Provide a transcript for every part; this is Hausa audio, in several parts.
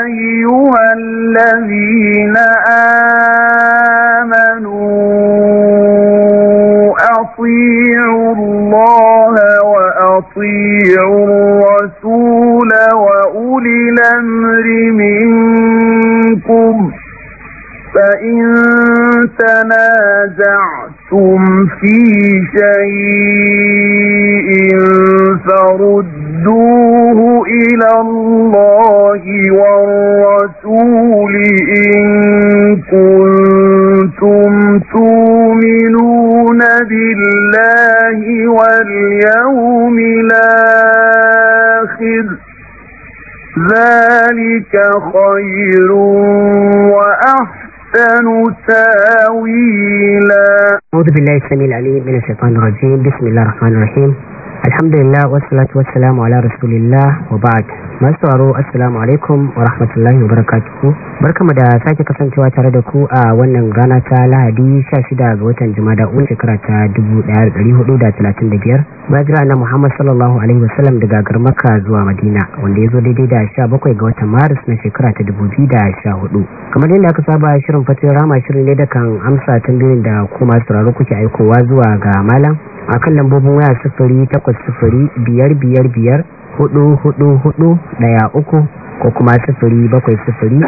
أيها الذي أعوذ بالله السميع العليم من الشيطان الرجيم بسم الله الرحمن الرحيم alhamdulillah wasu salamu ala rasulillah wa ba'ad. masu sauraro assalamu alaikum wa rahmatullahi wa barakatuhu barkamu da sake kasancewa tare da ku a wannan rana ta lahadi 16 ga watan jumada un shekara ta 1435 bajira na muhammad sallallahu alaihi wasallam daga garmaka zuwa madina wanda ya zo daidai da 17 ga watan maris na shekara ta 2014 kamar yadda aka saba shirin fatin rama shirin ne da kan amsa tambayoyin da kuma sauraro kuke aikowa zuwa ga malam a kan lambobin waya sufuri takwas sufuri biyar biyar biyar hudu hudu hudu daya uku ko kuma sufuri bakwai sufuri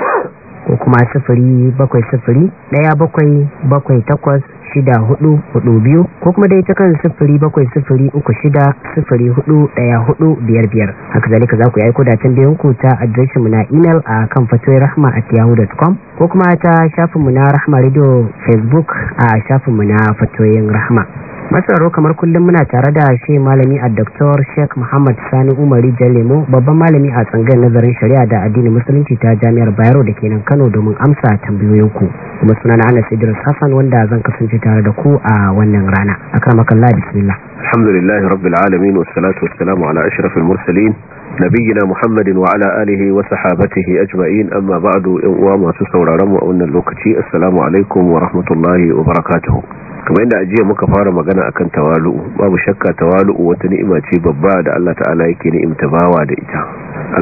ko kuma sufuri bakwai sufuri daya bakwai bakwai takwas shida hudu hudu biyu ko kuma dai ta kan sufuri bakwai sufuri uku shida sufuri hudu daya hudu biyar biyar haka zalika za ku yi aiko da tambayin ku ta adireshin mu na imel a kan fatoyi rahama at yahoo.com ko kuma ta shafinmu na rahama radio facebook a shafinmu na fatoyin rahama masararo kamar kullum muna tare da shi malami a Dr. Sheikh Muhammad Sani Umari Jalemo babban malami a tsangayar nazarin shari'a da addinin musulunci ta Jami'ar Bayero da ke nan Kano domin amsa tambayoyinku kuma sunana Anas Idris Hassan wanda zan kasance tare da ku a wannan rana akramakallah bismillah alhamdulillah rabbil alamin wassalatu wassalamu ala ashrafil mursalin nabiyina muhammadin wa ala alihi wa sahabatihi ajma'in amma ba'du yan uwa masu sauraron mu a lokaci assalamu alaikum wa wa kamar yadda ajiya muka fara magana akan tawalu'u babu shakka tawalu'u wata ni'ima ce babba da Allah ta'ala yake ni'imta bawa da ita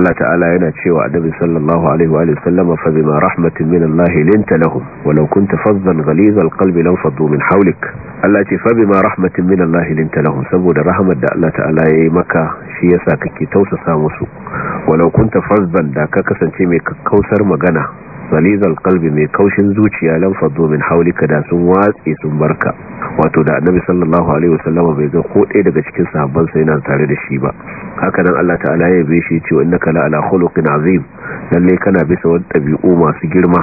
Allah ta'ala yana cewa annabi sallallahu alaihi wa sallama fa bima rahmatin min Allah linta lahum walau kunta fazzan ghaliz alqalb faddu min hawlik Allah ce fa bima rahmatin min Allah linta lahum saboda rahmat da Allah ta'ala yayi maka shi yasa kake tausasa musu walau kunta fazzan da ka kasance mai kakkausar magana salizal kalbi mai kaushin zuciya lan domin min haulika da sun watse sun barka wato da annabi sallallahu alaihi wasallam bai ga ko ɗaya daga cikin sahabban sa yana tare da shi ba haka nan Allah ta'ala ya bi shi cewa innaka la ala khuluqin azim lalle kana bisa wani ɗabi'u masu girma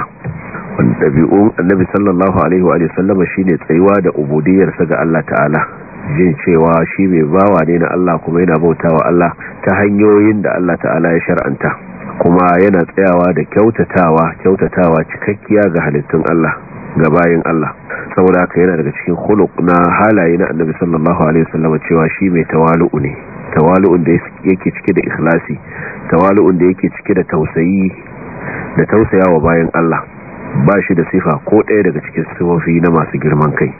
wani ɗabi'u annabi sallallahu alaihi wa sallama shine tsayuwa da ubudiyarsa ga Allah ta'ala jin cewa shi mai bawa ne na Allah kuma yana bautawa Allah ta hanyoyin da Allah ta'ala ya shar'anta kuma yana tsayawa da kyautatawa kyautatawa cikakkiya ga halittun Allah ga bayin Allah saboda haka yana daga cikin khuluq na halaye na Annabi sallallahu alaihi wasallam cewa shi mai tawalu'u ne tawalu'un da yake cike da ikhlasi tawalu'un da yake cike da tausayi da tausayawa bayin Allah ba shi da sifa ko ɗaya daga cikin sifofi na masu girman kai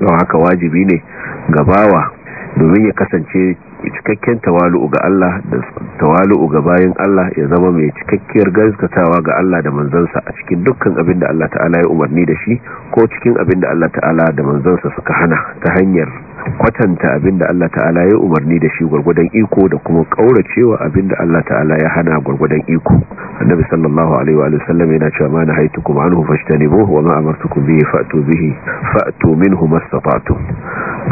don haka wajibi ne gabawa domin ya kasance cikakken tawalu'u ga Allah da tawalu ga bayan Allah ya zama mai cikakkiyar gaskatawa ga Allah da manzansa a cikin dukkan abin da Allah ta'ala ya umarni da shi ko cikin abin da Allah ta'ala da manzansa suka hana ta hanyar kwatanta abinda Allah ta'ala ya umarni da shi gwargwadon iko da kuma kauracewa abinda Allah ta'ala ya hana gwargwadon iko annabi sallallahu alaihi wa sallam yana cewa ma na haitukum anhu fashtanibuhu wa ma amartukum bihi fa'tu bihi fa'tu minhu mastata'tum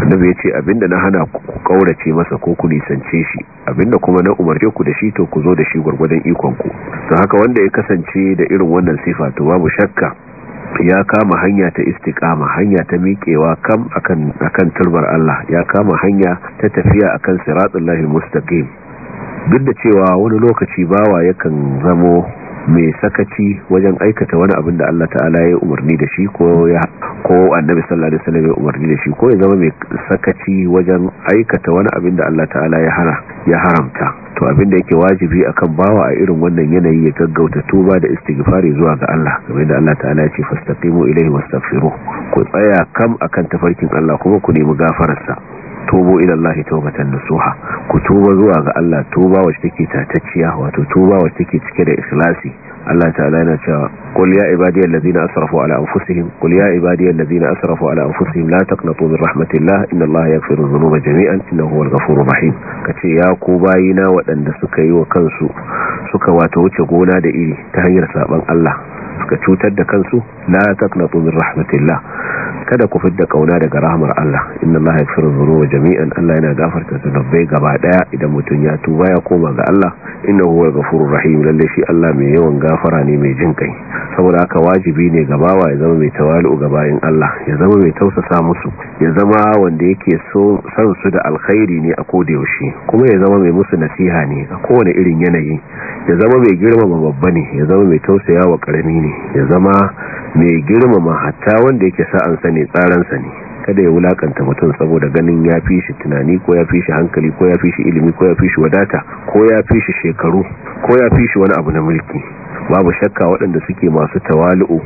annabi yace abinda na hana ku kaurace masa ko ku nisance shi abinda kuma na umarce ku da shi to ku zo da shi gwargwadon ikon ku don haka wanda ya kasance da irin wannan sifa to babu shakka ya kama hanya ta istiqama hanya ta miƙewa kam akan akan turbar Allah ya kama hanya ta tafiya akan siratul lahi mustaqim duk da cewa wani lokaci bawa yakan zamo mai sakaci wajen aikata wani abin da Allah ta'ala ya umarni da shi ko ya ko annabi sallallahu alaihi wasallam ya umarni da shi ko ya zama mai sakaci wajen aikata wani abin da Allah ta'ala ya hana ya haramta to abin da yake wajibi akan bawa a irin wannan yanayi ya gaggauta tuba da istighfari zuwa ga Allah kamar da Allah ta'ala ya ce fastaqimu ilaihi wastaghfiruh ku tsaya kam akan tafarkin Allah kuma ku nemi gafararsa tubo ila Allah tawbatan nasuha ku tuba zuwa ga Allah tuba wacce take tatacciya wato tuba wacce take cike da ikhlasi Allah ta'ala yana cewa qul ya ibadiyal ladina asrafu ala anfusihim qul ya ibadiyal ladina asrafu ala anfusihim la taqnatu min rahmatillah inna Allah yaghfiru dhunuba jami'an innahu huwal ghafurur rahim kace ya ku bayina waɗanda suka yi wa kansu suka wato wuce gona da iri ta hanyar saban Allah suka cutar da kansu la taqnatu min rahmatillah kada ku fidda kauna daga rahmar Allah inna Allah yaghfiru dhunuba jami'an Allah yana gafarta zunubai gaba daya idan mutun ya tuba ya koma ga Allah inna huwal ghafurur rahim lalle shi Allah mai yawan gafara ne mai jin kai saboda haka wajibi ne bawa ya zama mai tawalu ga bayin Allah ya zama mai tausasa musu ya zama wanda yake so san su da alkhairi ne a koda yaushe kuma ya zama mai musu nasiha ne a kowane irin yanayi ya zama mai girmama babba ne ya zama mai tausaya wa karami ne ya zama mai girmama hatta wanda yake sa'ansa ne tsaransa ne kada ya wulakanta mutum saboda ganin ya fi shi tunani ko ya fi shi hankali ko ya fi shi ilimi ko ya fi shi wadata ko ya fi shi shekaru ko ya fi shi wani abu na mulki babu shakka waɗanda suke masu tawali'u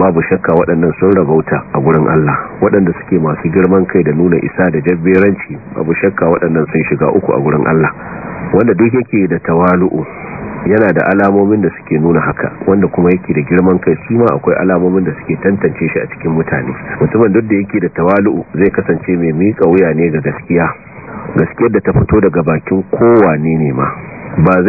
babu shakka waɗannan sun rabauta a gurin Allah waɗanda suke masu girman kai da nuna isa da jabberanci babu shakka waɗannan sun shiga uku a gurin Allah wanda duk yake da tawalu'u yana da alamomin da suke nuna haka wanda kuma yake da girman kai shi ma akwai alamomin da suke tantance shi a cikin mutane mutumin duk da yake da tawalu'u zai kasance mai miƙa wuya ne ga gaskiya gaskiyar da ta fito daga bakin kowane ne ma ba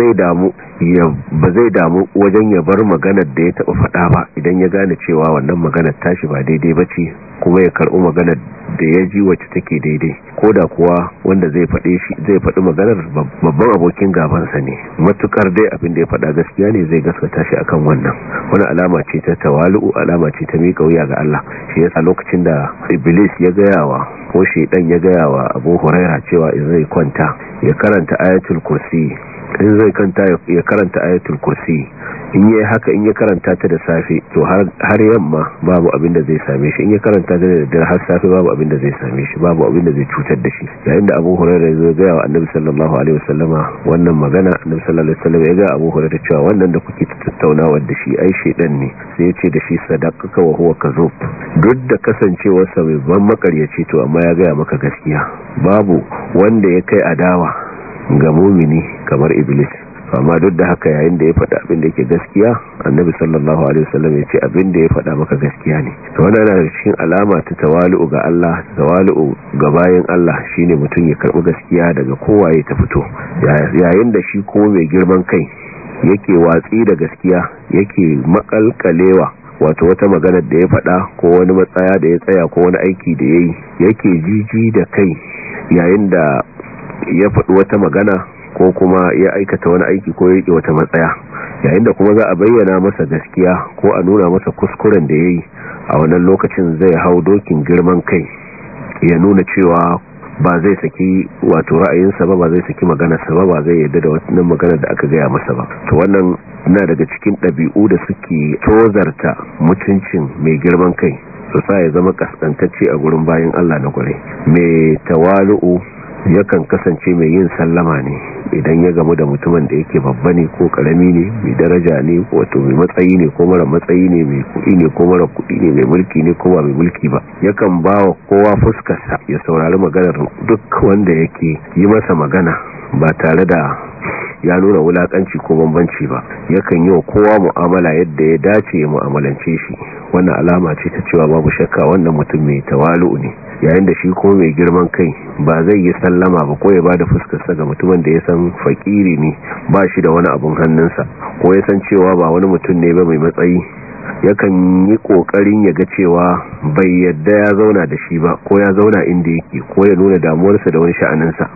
zai damu wajen ya bar maganar da ya taɓa faɗa ba idan ya gane cewa wannan maganar tashi ba daidai ba ce kuma ya karɓi maganar da ya ji wacce take daidai ko da kuwa wanda zai faɗe shi zai faɗi maganar babban abokin gabansa ne matukar dai abin da ya faɗa gaskiya ne zai gaskata shi akan wannan wani alama ce ta tawalu'u alama ce ta miƙa wuya ga Allah shi yasa lokacin da iblis ya gayawa ko ɗan ya gaya wa abu huraira cewa in zai kwanta ya karanta ayatul kursi in zai kanta ya karanta ayatul kursi in yi haka in ya karanta ta da safe to har yamma babu abin da zai same shi in ya karanta ta da dare har safe babu abin da zai same shi babu abin da zai cutar da shi yayin da Abu Hurairah zai zo ga wa Annabi sallallahu alaihi wasallama wannan magana Annabi sallallahu alaihi wasallama ya ga Abu Hurairah cewa wannan da kuke tattaunawa da shi ai shedan ne sai ya ce da shi sadaqaka wa huwa kazub duk da kasancewar sa ban makaryaci to amma ya gaya maka gaskiya babu wanda ya kai adawa ga mumini kamar iblis amma duk da haka yayin da ya faɗa abin da yake gaskiya annabi sallallahu alaihi wasallam ya ce abin da ya faɗa maka gaskiya ne to wannan yana da cikin alama ta tawali'u ga Allah tawali'u ga bayin Allah shine mutum ya karbi gaskiya daga kowa ya ta fito yayin da shi ko mai girman kai yake watsi da gaskiya yake makalkalewa wato wata magana da ya faɗa ko wani matsaya da ya tsaya ko wani aiki da yayi yake jiji da kai yayin da ya faɗi wata magana ko kuma ya aikata wani aiki ko ya wata matsaya yayin da kuma za a bayyana masa gaskiya ko a nuna masa kuskuren da ya yi a wannan lokacin zai hau dokin girman kai ya nuna cewa ba zai saki wato ra'ayinsa ba ba zai saki maganarsa ba ba zai yadda da wannan maganar da aka gaya masa ba to wannan na daga cikin ɗabi'u da suke tozarta mutuncin mai girman kai su sa ya zama kaskantacce a gurin bayan Allah na gure mai tawalu'u yakan kasance mai yin sallama ne idan ya gamu da mutumin da yake babba ne ko karami ne mai daraja ne wato mai matsayi ne ko mara matsayi ne mai kuɗi ne ko mara kuɗi ne mai mulki ne ko ba mai mulki ba yakan ba wa kowa fuskarsa ya saurari maganar duk wanda yake yi masa magana ba tare da ya nuna wulakanci ko bambanci ba yakan yi wa kowa mu'amala yadda ya dace ya mu'amalance shi wannan alama ce ta cewa babu shakka wannan mutum mai tawalu ne yayin da shi kuma mai girman kai ba zai yi sallama ba ko ya ba da fuskarsa ga mutumin da ya san fakiri ne ba shi da wani abun hannunsa ko ya san cewa ba wani mutum ne ba mai matsayi yakan yi kokarin ya ga cewa bai yadda ya zauna da shi ba ko ya zauna inda yake ko ya nuna damuwarsa da wani sha'aninsa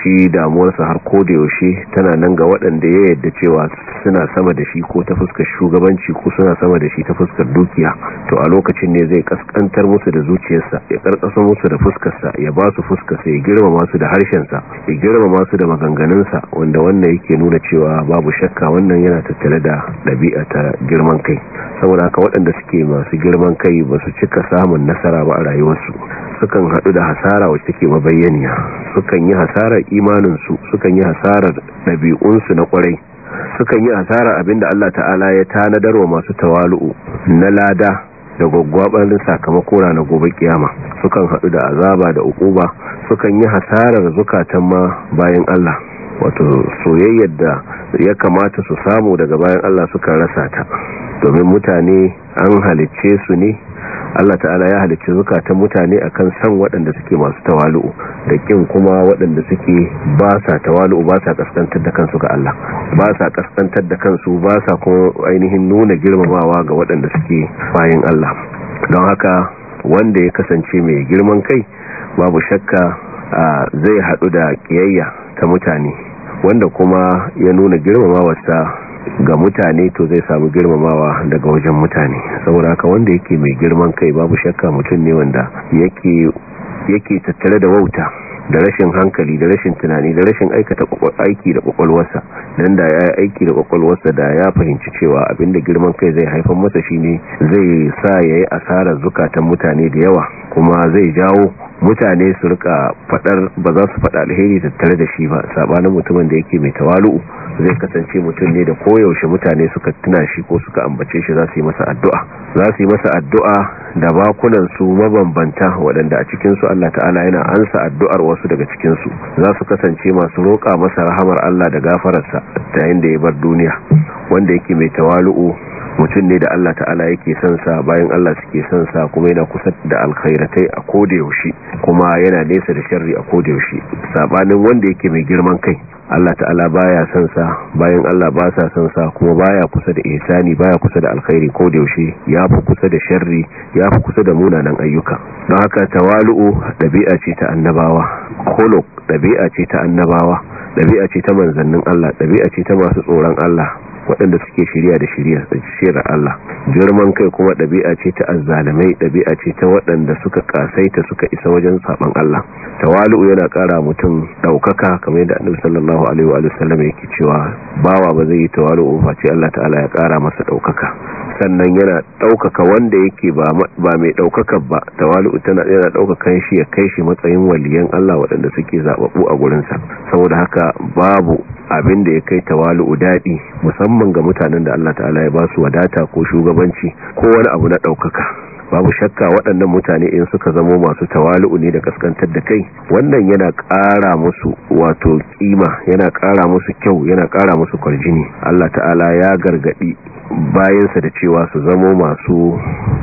shi damuwarsa har ko da yaushe tana nan ga waɗanda ya yadda cewa suna sama da shi ko ta fuskar shugabanci ko suna sama da shi ta fuskar dukiya to a lokacin ne zai kaskantar musu da zuciyarsa ya karkasa musu da fuskarsa ya ba su fuskarsa ya girmama su da harshensa ya girmama su da maganganunsa wanda wannan yake nuna cewa babu shakka wannan yana tattale da ɗabi'a ta girman kai saboda haka waɗanda suke masu girman kai ba su cika samun nasara ba a rayuwarsu sukan haɗu da hasara wacce take mabayyaniya sukan yi hasara hasarar imaninsu sukan yi hasarar ɗabi'unsu na ƙwarai sukan yi hasarar abinda Allah ta'ala ya tanadar wa masu tawalu'u na lada da gwaggwabarin sakamako na gobe kiyama sukan haɗu da azaba da ukuba sukan yi hasarar zukatan ma bayan Allah wato soyayyar da ya kamata su samu daga bayan Allah suka rasa ta domin mutane an halicce su ne Allah ta'ala ya halicci zukatan mutane akan san waɗanda suke masu tawalu'u da ƙin kuma waɗanda suke ba sa tawalu'u ba sa kaskantar da kansu ga Allah ba sa kaskantar da kansu ba sa kuma ainihin nuna girmamawa ga waɗanda suke bayin Allah don haka wanda ya kasance mai girman kai babu shakka zai haɗu da ƙiyayya ta mutane wanda kuma ya nuna girmamawa ta. ga mutane to zai samu girmamawa daga wajen mutane saboda haka wanda yake mai girman kai babu shakka mutum ne wanda yake tattare da wauta da rashin hankali da rashin tunani da rashin aikata aiki da kwakwalwarsa dan da ya aiki da kwakwalwarsa da ya fahimci cewa abinda girman kai zai haifar masa shi ne zai sa yayi asarar zukatan mutane da yawa kuma zai jawo mutane su rika fadar ba za su fada alheri tattare da shi ba sabanin mutumin da yake mai tawalu'u zai kasance mutum ne da koyaushe mutane suka tuna shi ko suka ambace shi za su yi masa addu'a za su yi masa addu'a da bakunan su mabambanta waɗanda a cikin su Allah ta'ala yana ansa addu'ar wasu daga cikin su za su kasance masu roƙa masa rahamar Allah da gafararsa ta yayin da ya bar duniya wanda yake mai tawalu'u mutum ne da Allah ta'ala yake son sa bayan Allah suke son sa kuma yana kusa da alkhairatai a koda yaushe kuma yana nesa da sharri a koda yaushe sabanin wanda yake mai girman kai Allah ta'ala baya son sa bayan Allah ba sa son sa kuma baya kusa da ihsani baya kusa da alkhairi ko da yaushe yafi kusa da sharri fi kusa da munanan ayyuka don haka tawalu'u dabi'a ce ta annabawa khuluq dabi'a ce ta annabawa dabi'a ce ta manzannin Allah dabi'a ce ta masu tsoron Allah waɗanda suke shirya da shirya da shirar Allah girman kai kuma ɗabi'a ce ta azzalamai ɗabi'a ce ta waɗanda suka kasaita suka isa wajen saɓan Allah tawalu yana ƙara mutum ɗaukaka kamar yadda annabi sallallahu alaihi wa sallam yake cewa bawa ba zai yi tawalu ba ce Allah ta'ala ya ƙara masa ɗaukaka sannan yana ɗaukaka wanda yake ba mai ɗaukaka ba tawalu tana yana ɗaukakan shi ya kai shi matsayin waliyan Allah waɗanda suke zaɓaɓɓu a gurinsa saboda haka babu abin da ya kai tawalu daɗi musamman musamman ga mutanen da Allah ta'ala ya ba su wadata ko shugabanci ko wani abu na ɗaukaka babu shakka waɗannan mutane in suka zamo masu tawali'u ne da kaskantar da kai wannan yana ƙara musu wato kima yana ƙara musu kyau yana ƙara musu kwarjini Allah ta'ala ya gargaɗi bayansa da cewa su zamo masu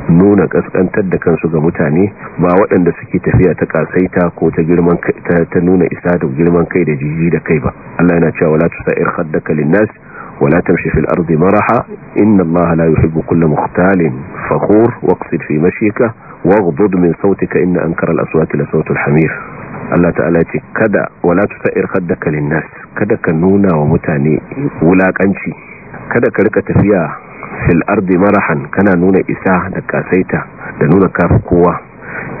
nuna kaskantar da kansu ga mutane ba waɗanda suke tafiya ta ƙasaita ko ta girman ta nuna isa da girman kai da jiji da kai ba Allah yana cewa la tusair haddaka linnas ولا تمشي في الأرض مرحا إن الله لا يحب كل مختال فخور واقصد في مشيك واغضض من صوتك إن أنكر الأصوات لصوت الحمير الله تعالى كذا ولا تسائر خدك للناس كذا كنونا ومتاني ولا كنشي كذا كذلك تفيا في الأرض مرحا كان نونا إساه دكاسيتا دنونا قوة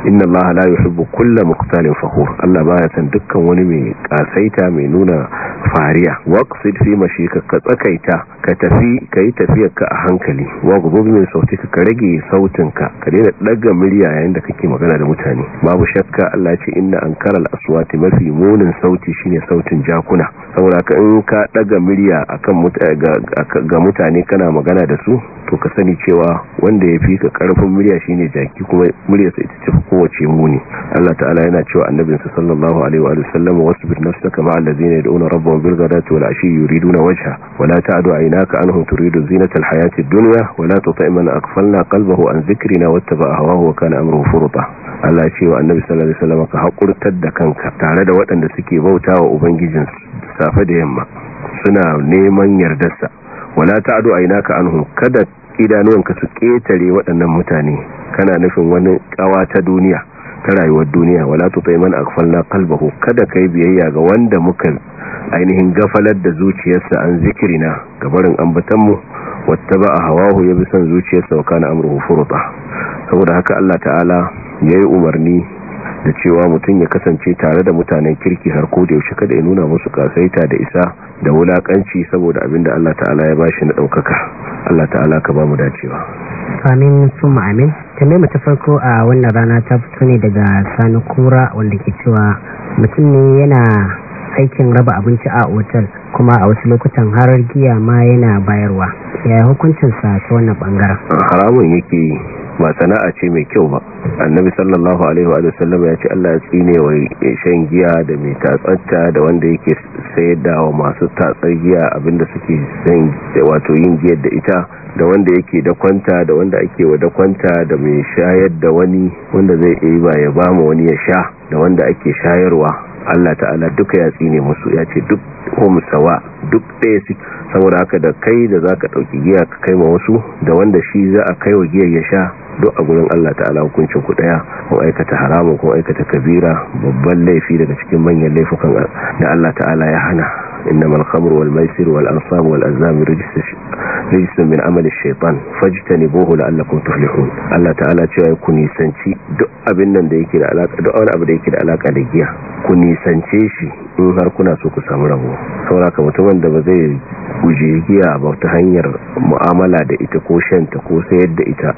inna allaha la yuhibbu kulla muqtalin fakhur Allah baya san dukkan wani mai kasaita mai nuna fariya waqsid fi mashika ka tsakaita ka tafi kai tafiyar ka a hankali wa gubub min sautika ka rage sautin ka ka daina daga murya yayin da kake magana da mutane babu shakka Allah ce inna ankara al-aswati mafi munin sauti shine sautin jakuna saboda ka in ka daga murya akan mutane ga mutane kana magana da su to ka sani cewa wanda ya fi ka karfin murya shine jaki kuma muryarsa ita wacce kowace muni Allah ta'ala yana cewa annabinsa sallallahu alaihi wa sallam wasbir nafsaka ma'a allazina yad'una rabbahum bil ghadati wal ashi yuriduna wajha wa la ta'du aynaka anhum turidu zinata al hayati ad-dunya wa la tuti' man aghfalna qalbahu an dhikrina wattaba'a hawahu wa kana amruhu furta Allah ce wa annabi sallallahu alaihi wa sallam ka hakurtar da kanka tare da waɗanda suke bautawa ubangijinsu safe da yamma suna neman yardarsa wala ta'du aynaka anhum kada idanuwanka su ƙetare waɗannan mutane kana nufin wani ƙawa ta duniya ta rayuwar duniya wala sai man aghfalna qalbahu kada kai biyayya ga wanda muka ainihin gafalar da zuciyarsa an zikirina ga barin ambatan mu wattaba hawahu yabi san zuciyarsa wa kana amruhu furta saboda haka Allah ta'ala yayi umarni da cewa mutum ya kasance tare da mutanen kirki har ko da yaushe kada ya nuna musu kasaita da isa da wulakanci saboda abin da Allah ta'ala ya bashi na ɗaukaka Allah ta'ala ka bamu dacewa amin summa amin tambayar ta farko a wannan rana ta fito ne daga sani kura wanda ke cewa mutum ne yana aikin raba abinci a otal kuma a wasu lokutan harar giya ma yana bayarwa ya sa ta wannan bangaren haramun yake yi ba sana'a ce mai kyau ba annabi sallallahu alaihi wa sallam ya ce Allah ya tsine wa shan giya da mai tatsanta da wanda yake sayar da wa masu tatsar giya abinda suke san wato yin giyar da ita da wanda yake da kwanta da wanda ake wa da kwanta da mai shayar da wani wanda zai iya ba ya ba mu wani ya sha da wanda ake shayarwa Allah ta'ala duka ya tsine musu ya ce duk homsawa sawa duk ɗaya su saboda haka da kai da za ka ɗauki giya ka kai ma wasu da wanda shi za a kai wa giyar ya sha duk a gurin Allah ta'ala hukuncin ku daya ko aikata haramun ko aikata kabira babban laifi daga cikin manyan laifukan da Allah ta'ala ya hana inna الخمر والميسر والأنصاب والأزلام رجس wal عمل الشيطان فاجتنبوه لعلكم تفلحون الله تعالى cewa ku nisanci duk abin nan da yake duk wani abu da yake da alaka da giya ku nisance shi in har kuna so ku samu rabo sauraka mutumin da ba zai guje giya ba ta hanyar mu'amala da ita ko shanta ko sayar da ita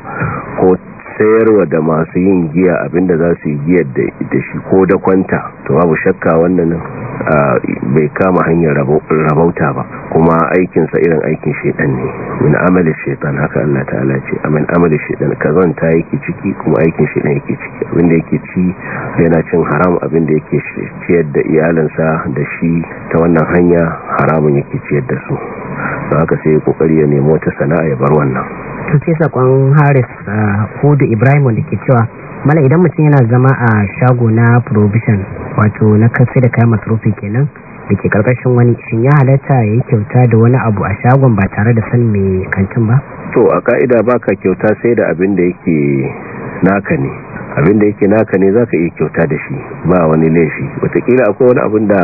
ko sayarwa da masu yin giya abinda za su yi giyar da shi ko da kwanta to babu shakka wannan bai kama hanyar rabauta ba kuma aikinsa irin aikin shaidan ne min amali shaidan haka Allah ta'ala ce amin amali shaidan ta yake ciki kuma aikin shaidan yake ciki abinda yake ci yana cin haram abinda yake ciyar da iyalinsa da shi ta wannan hanya haramun yake ciyar da su ba haka sai ya kokari ya nemo wata sana'a ya bar wannan sakon haris da ibrahim wanda ke cewa mala idan mutum yana zama a shago na provision wato na kafe da kayan matrofi kenan da ke karkashin wani shin ya halatta ya yi kyauta da wani abu a shagon ba tare da san mai kantin ba to a ka'ida ba ka kyauta sai da abin da yake naka ne abin da yake naka ne za ka iya kyauta da shi ba wani laifi watakila akwai wani abin da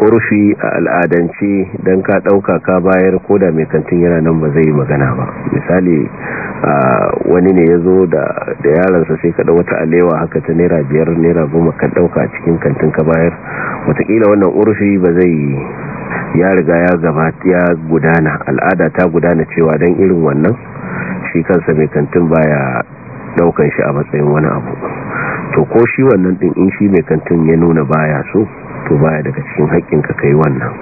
urfi a al'adance don ka ɗauka ka bayar ko da mai kantin yana nan ba zai magana ba misali wani ne ya zo da yaransa sai kaɗa wata alewa haka ta naira biyar naira goma ka ɗauka a cikin kantin ka bayar watakila wannan urfi ba zai ya riga ya gaba ya gudana al'ada ta gudana cewa don irin wannan shi kansa mai kantin baya ɗaukan shi a matsayin wani abu to ko shi wannan ɗin in shi mai kantin ya nuna baya so to baya daga cikin haƙƙinka ka yi wannan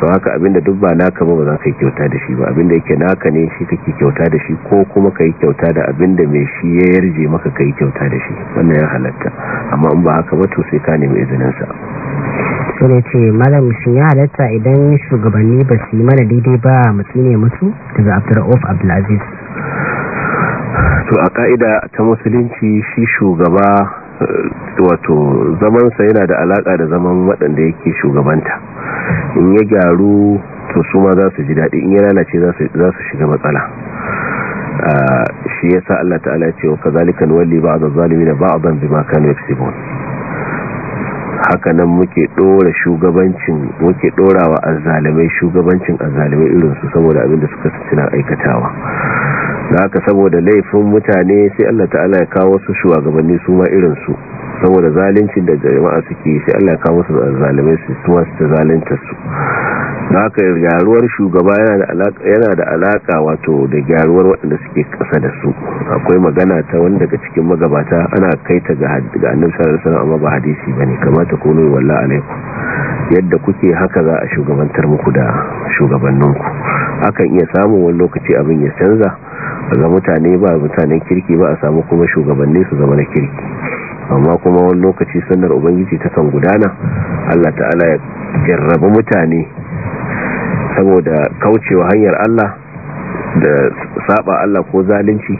sau haka abinda duk ba naka ba ba za ka yi kyauta da shi ba abinda yake naka ne shi kake kyauta da shi ko kuma ka yi kyauta da abinda mai shi ya yarje maka ka yi kyauta da shi wannan ya halatta amma in ba haka ba to sai ka nemi izininsa sa da ce malam shi ya halatta idan shugabanni ba su yi mana daidai ba mutu ne mutu daga of abdulaziz to a ka'ida ta musulunci shi shugaba Eh, wato zamansa yana da alaka da zaman waɗanda yake shugabanta in ya gyaru to su ma za su ji daɗi in ya lalace za su shiga matsala eh, shi ya sa Allah ta'ala ya ce wa kazalika walli ba'd az-zalimin ba'dan bima kanu yaksibun haka nan muke dora shugabancin muke dorawa azzalimai shugabancin azzalimai irin su saboda abin da suka tsina aikatawa da haka saboda laifin mutane sai Allah ta'ala ya kawo su shugabanni su ma irin su saboda zalincin da jama'a suke sai Allah ya kawo su zalimai su tuwa su zalunta su da haka gyaruwar shugaba yana da alaka wato da gyaruwar waɗanda suke ƙasa da su akwai magana ta wanda daga cikin magabata ana kai ta ga annabi sallallahu alaihi amma ba hadisi bane kamata ku nuna wallahi alaikum yadda kuke haka za a shugabantar muku da shugabanninku akan iya samun wani lokaci abin ya canza ga mutane ba mutanen kirki ba a samu kuma shugabanni su zama na kirki amma kuma wani lokaci sannar ubangiji ta kan gudana allah ta'ala ya jarraba mutane saboda kaucewa hanyar allah da saba allah ko zalunci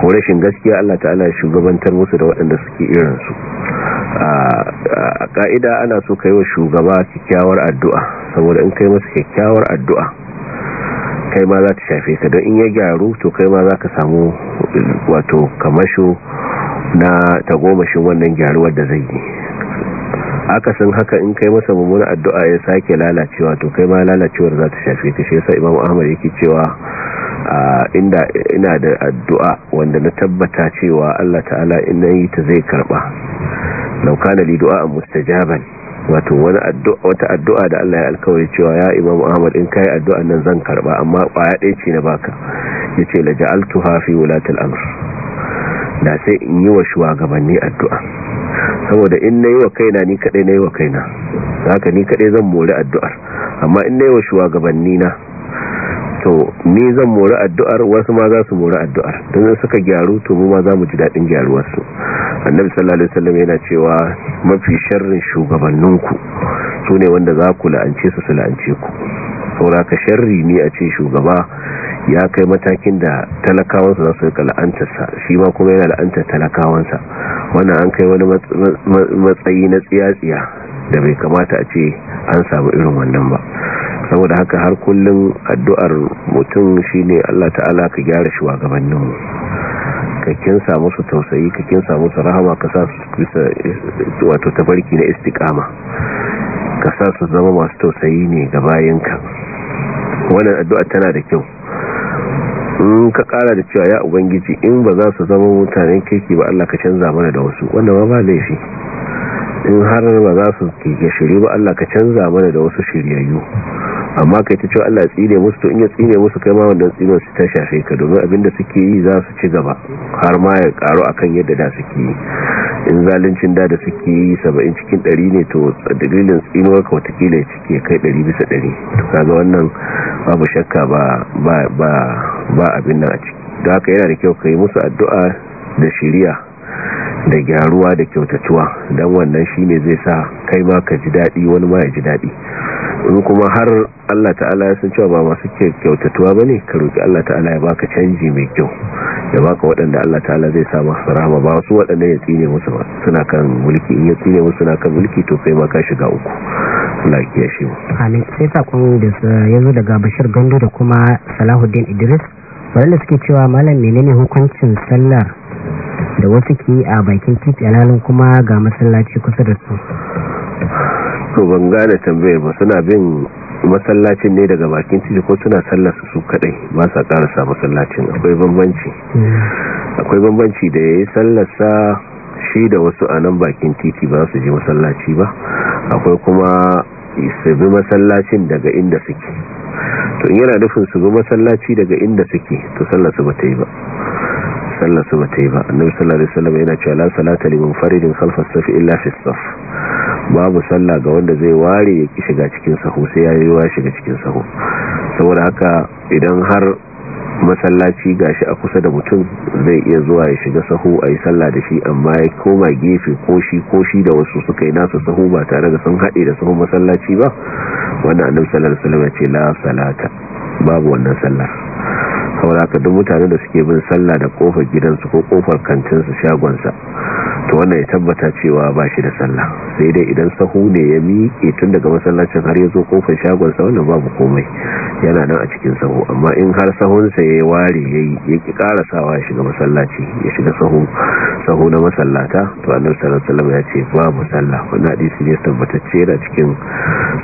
ko rashin gaskiya allah ta'ala ya shugabantar musu da waɗanda suke irinsu a ƙa'ida ana so ka yi wa shugaba kyakkyawar addu'a saboda in kai masu kyakkyawar addu'a kai ma za ta shafe ka don in ya gyaru to kai ma za ka samu wato kamasho na tagomashin wannan gyaru da zai yi aka akasin haka in kai masa mummunan addu'a ya sake lalacewa to kai ma lalacewar za ta shafe ta shi yasa imam ahmad yake cewa inda ina da addu'a wanda na tabbata cewa Allah ta'ala in yi ta zai karba laukana lidu'a a du'a mustajaban wato wani addu'a wata addu'a da Allah ya alkawari cewa ya Imam Ahmad in kai addu'an nan zan karba amma kwaya ɗaya ce na baka yace la ja'altuha fi wulatil amr da sai in yi wa shugabanni addu'a saboda in nayi wa kaina ni kadai nayi wa kaina haka ni kadai zan mori addu'ar amma in nayi wa shugabanni na to ni zan mori addu'ar wasu ma za su mori addu'ar don suka gyaru to mu ma za mu ji daɗin gyaruwarsu annabi sallallahu alaihi wasallam yana cewa mafi sharrin shugabanninku su ne wanda za ku la'ance su su la'ance ku saura ka sharri ni a ce shugaba ya kai matakin da talakawansa za su rika la'antarsa shi ma kuma yana la'antar talakawansa wannan an kai wani matsayi na tsiyatsiya da bai kamata a ce an samu irin wannan ba saboda haka har kullum addu'ar mutum shine Allah ta'ala ka gyara shi wa gabaninmu ka samu su tausayi ka samu su rahama ka sa su bisa wato tabarki na istikama ka sa su zama masu tausayi ne ga bayanka wannan addu'a tana da kyau in ka kara da cewa ya ubangiji in ba za su zama mutanen kirki ba Allah ka canza mana da wasu wanda ba ba laifi in har ba za su ke shiri ba Allah ka canza mana da wasu shiryayyu amma kai ta cewa Allah tsine musu to in ya tsine musu kai ma wannan tsino su ta shafe ka domin abinda suke yi za su ci gaba har ma ya karo akan yadda da suke yi in zaluncin da da suke yi 70 cikin 100 ne to dalilin tsinuwar ka watakila ya cike kai 100 bisa 100 to kaga wannan babu shakka ba ba ba ba abin nan a ciki don haka yana da kyau ka yi musu addu'a da shiriya da gyaruwa da kyautatuwa don wannan shine zai sa kai ma ka ji daɗi wani ma ya ji daɗi in kuma har Allah ta'ala ya san cewa ba masu kyautatuwa ba ne ka roƙi Allah ta'ala ya baka canji mai kyau ya baka waɗanda Allah ta'ala zai sa masu ba wasu waɗanda ya tsine musu ba suna kan mulki in ya tsine musu suna kan mulki to kai ma ka shiga uku Allah ya shi mu amin sai da yanzu daga Bashir Gando da kuma Salahuddin Idris waɗanda suke cewa malam menene hukuncin sallar da wasu ke a bakin titi alalin kuma ga masallaci kusa da su to ban gane tambayar ba suna bin masallacin ne daga bakin titi ko suna sallar su kadai ba sa karasa masallacin akwai bambanci akwai bambanci da yayi sallar sa shi da wasu a nan bakin titi ba su je masallaci ba akwai kuma su bi masallacin daga inda suke to in yana nufin su bi masallaci daga inda suke to sallar ba ta yi ba sallar su bata yi ba annabi sallallahu alaihi wasallam yana cewa la salata liman faridin khalfa safi illa fi saf babu sallah ga wanda zai ware ya ki shiga cikin sahu sai ya yi shiga cikin sahu saboda haka idan har masallaci gashi a kusa da mutum zai iya zuwa ya shiga sahu a yi sallah da shi amma ya koma gefe ko shi ko shi da wasu suka yi nasu sahu ba tare da sun haɗe da sahu masallaci ba wanda annabi sallallahu alaihi wasallam ya ce la salata babu wannan sallar ka duk mutane da suke bin sallah da kofar gidansu ko kofar kantinsu shagonsa to wannan ya tabbata cewa ba shi da sallah sai dai idan sahu ne ya miƙe tun daga masallacin har ya zo kofar shagonsa wannan babu komai yana nan a cikin sahu amma in har sahunsa ya ware ya yi ya ƙi ƙarasawa ya shiga masallaci ya shiga sahu sahu na masallata to annabi sallallahu alaihi ya ce babu sallah wannan hadisi ne tabbatacce da cikin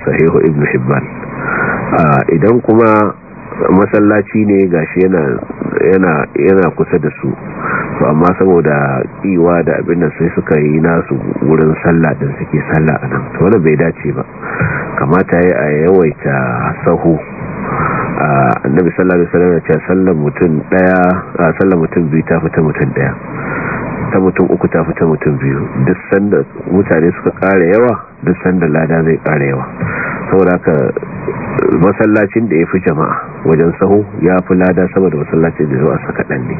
sahihu ibnu hibban ah, idan kuma masallaci ne gashi yana yana yana kusa da su to amma saboda kiwa da abin da sai suka yi nasu wurin sallah din suke sallah anan to wannan bai dace ba kamata yayi a yawaita sahu annabi sallallahu alaihi wasallam ya ce sallar mutum daya sallar mutum biyu ta fita mutum daya ta mutum uku ta fita mutum biyu duk sanda mutane suka kare yawa duk sanda lada zai kare yawa saboda haka masallacin da ya fi jama'a wajen sahu ya fi lada sama da masallacin da zuwa ɗan ne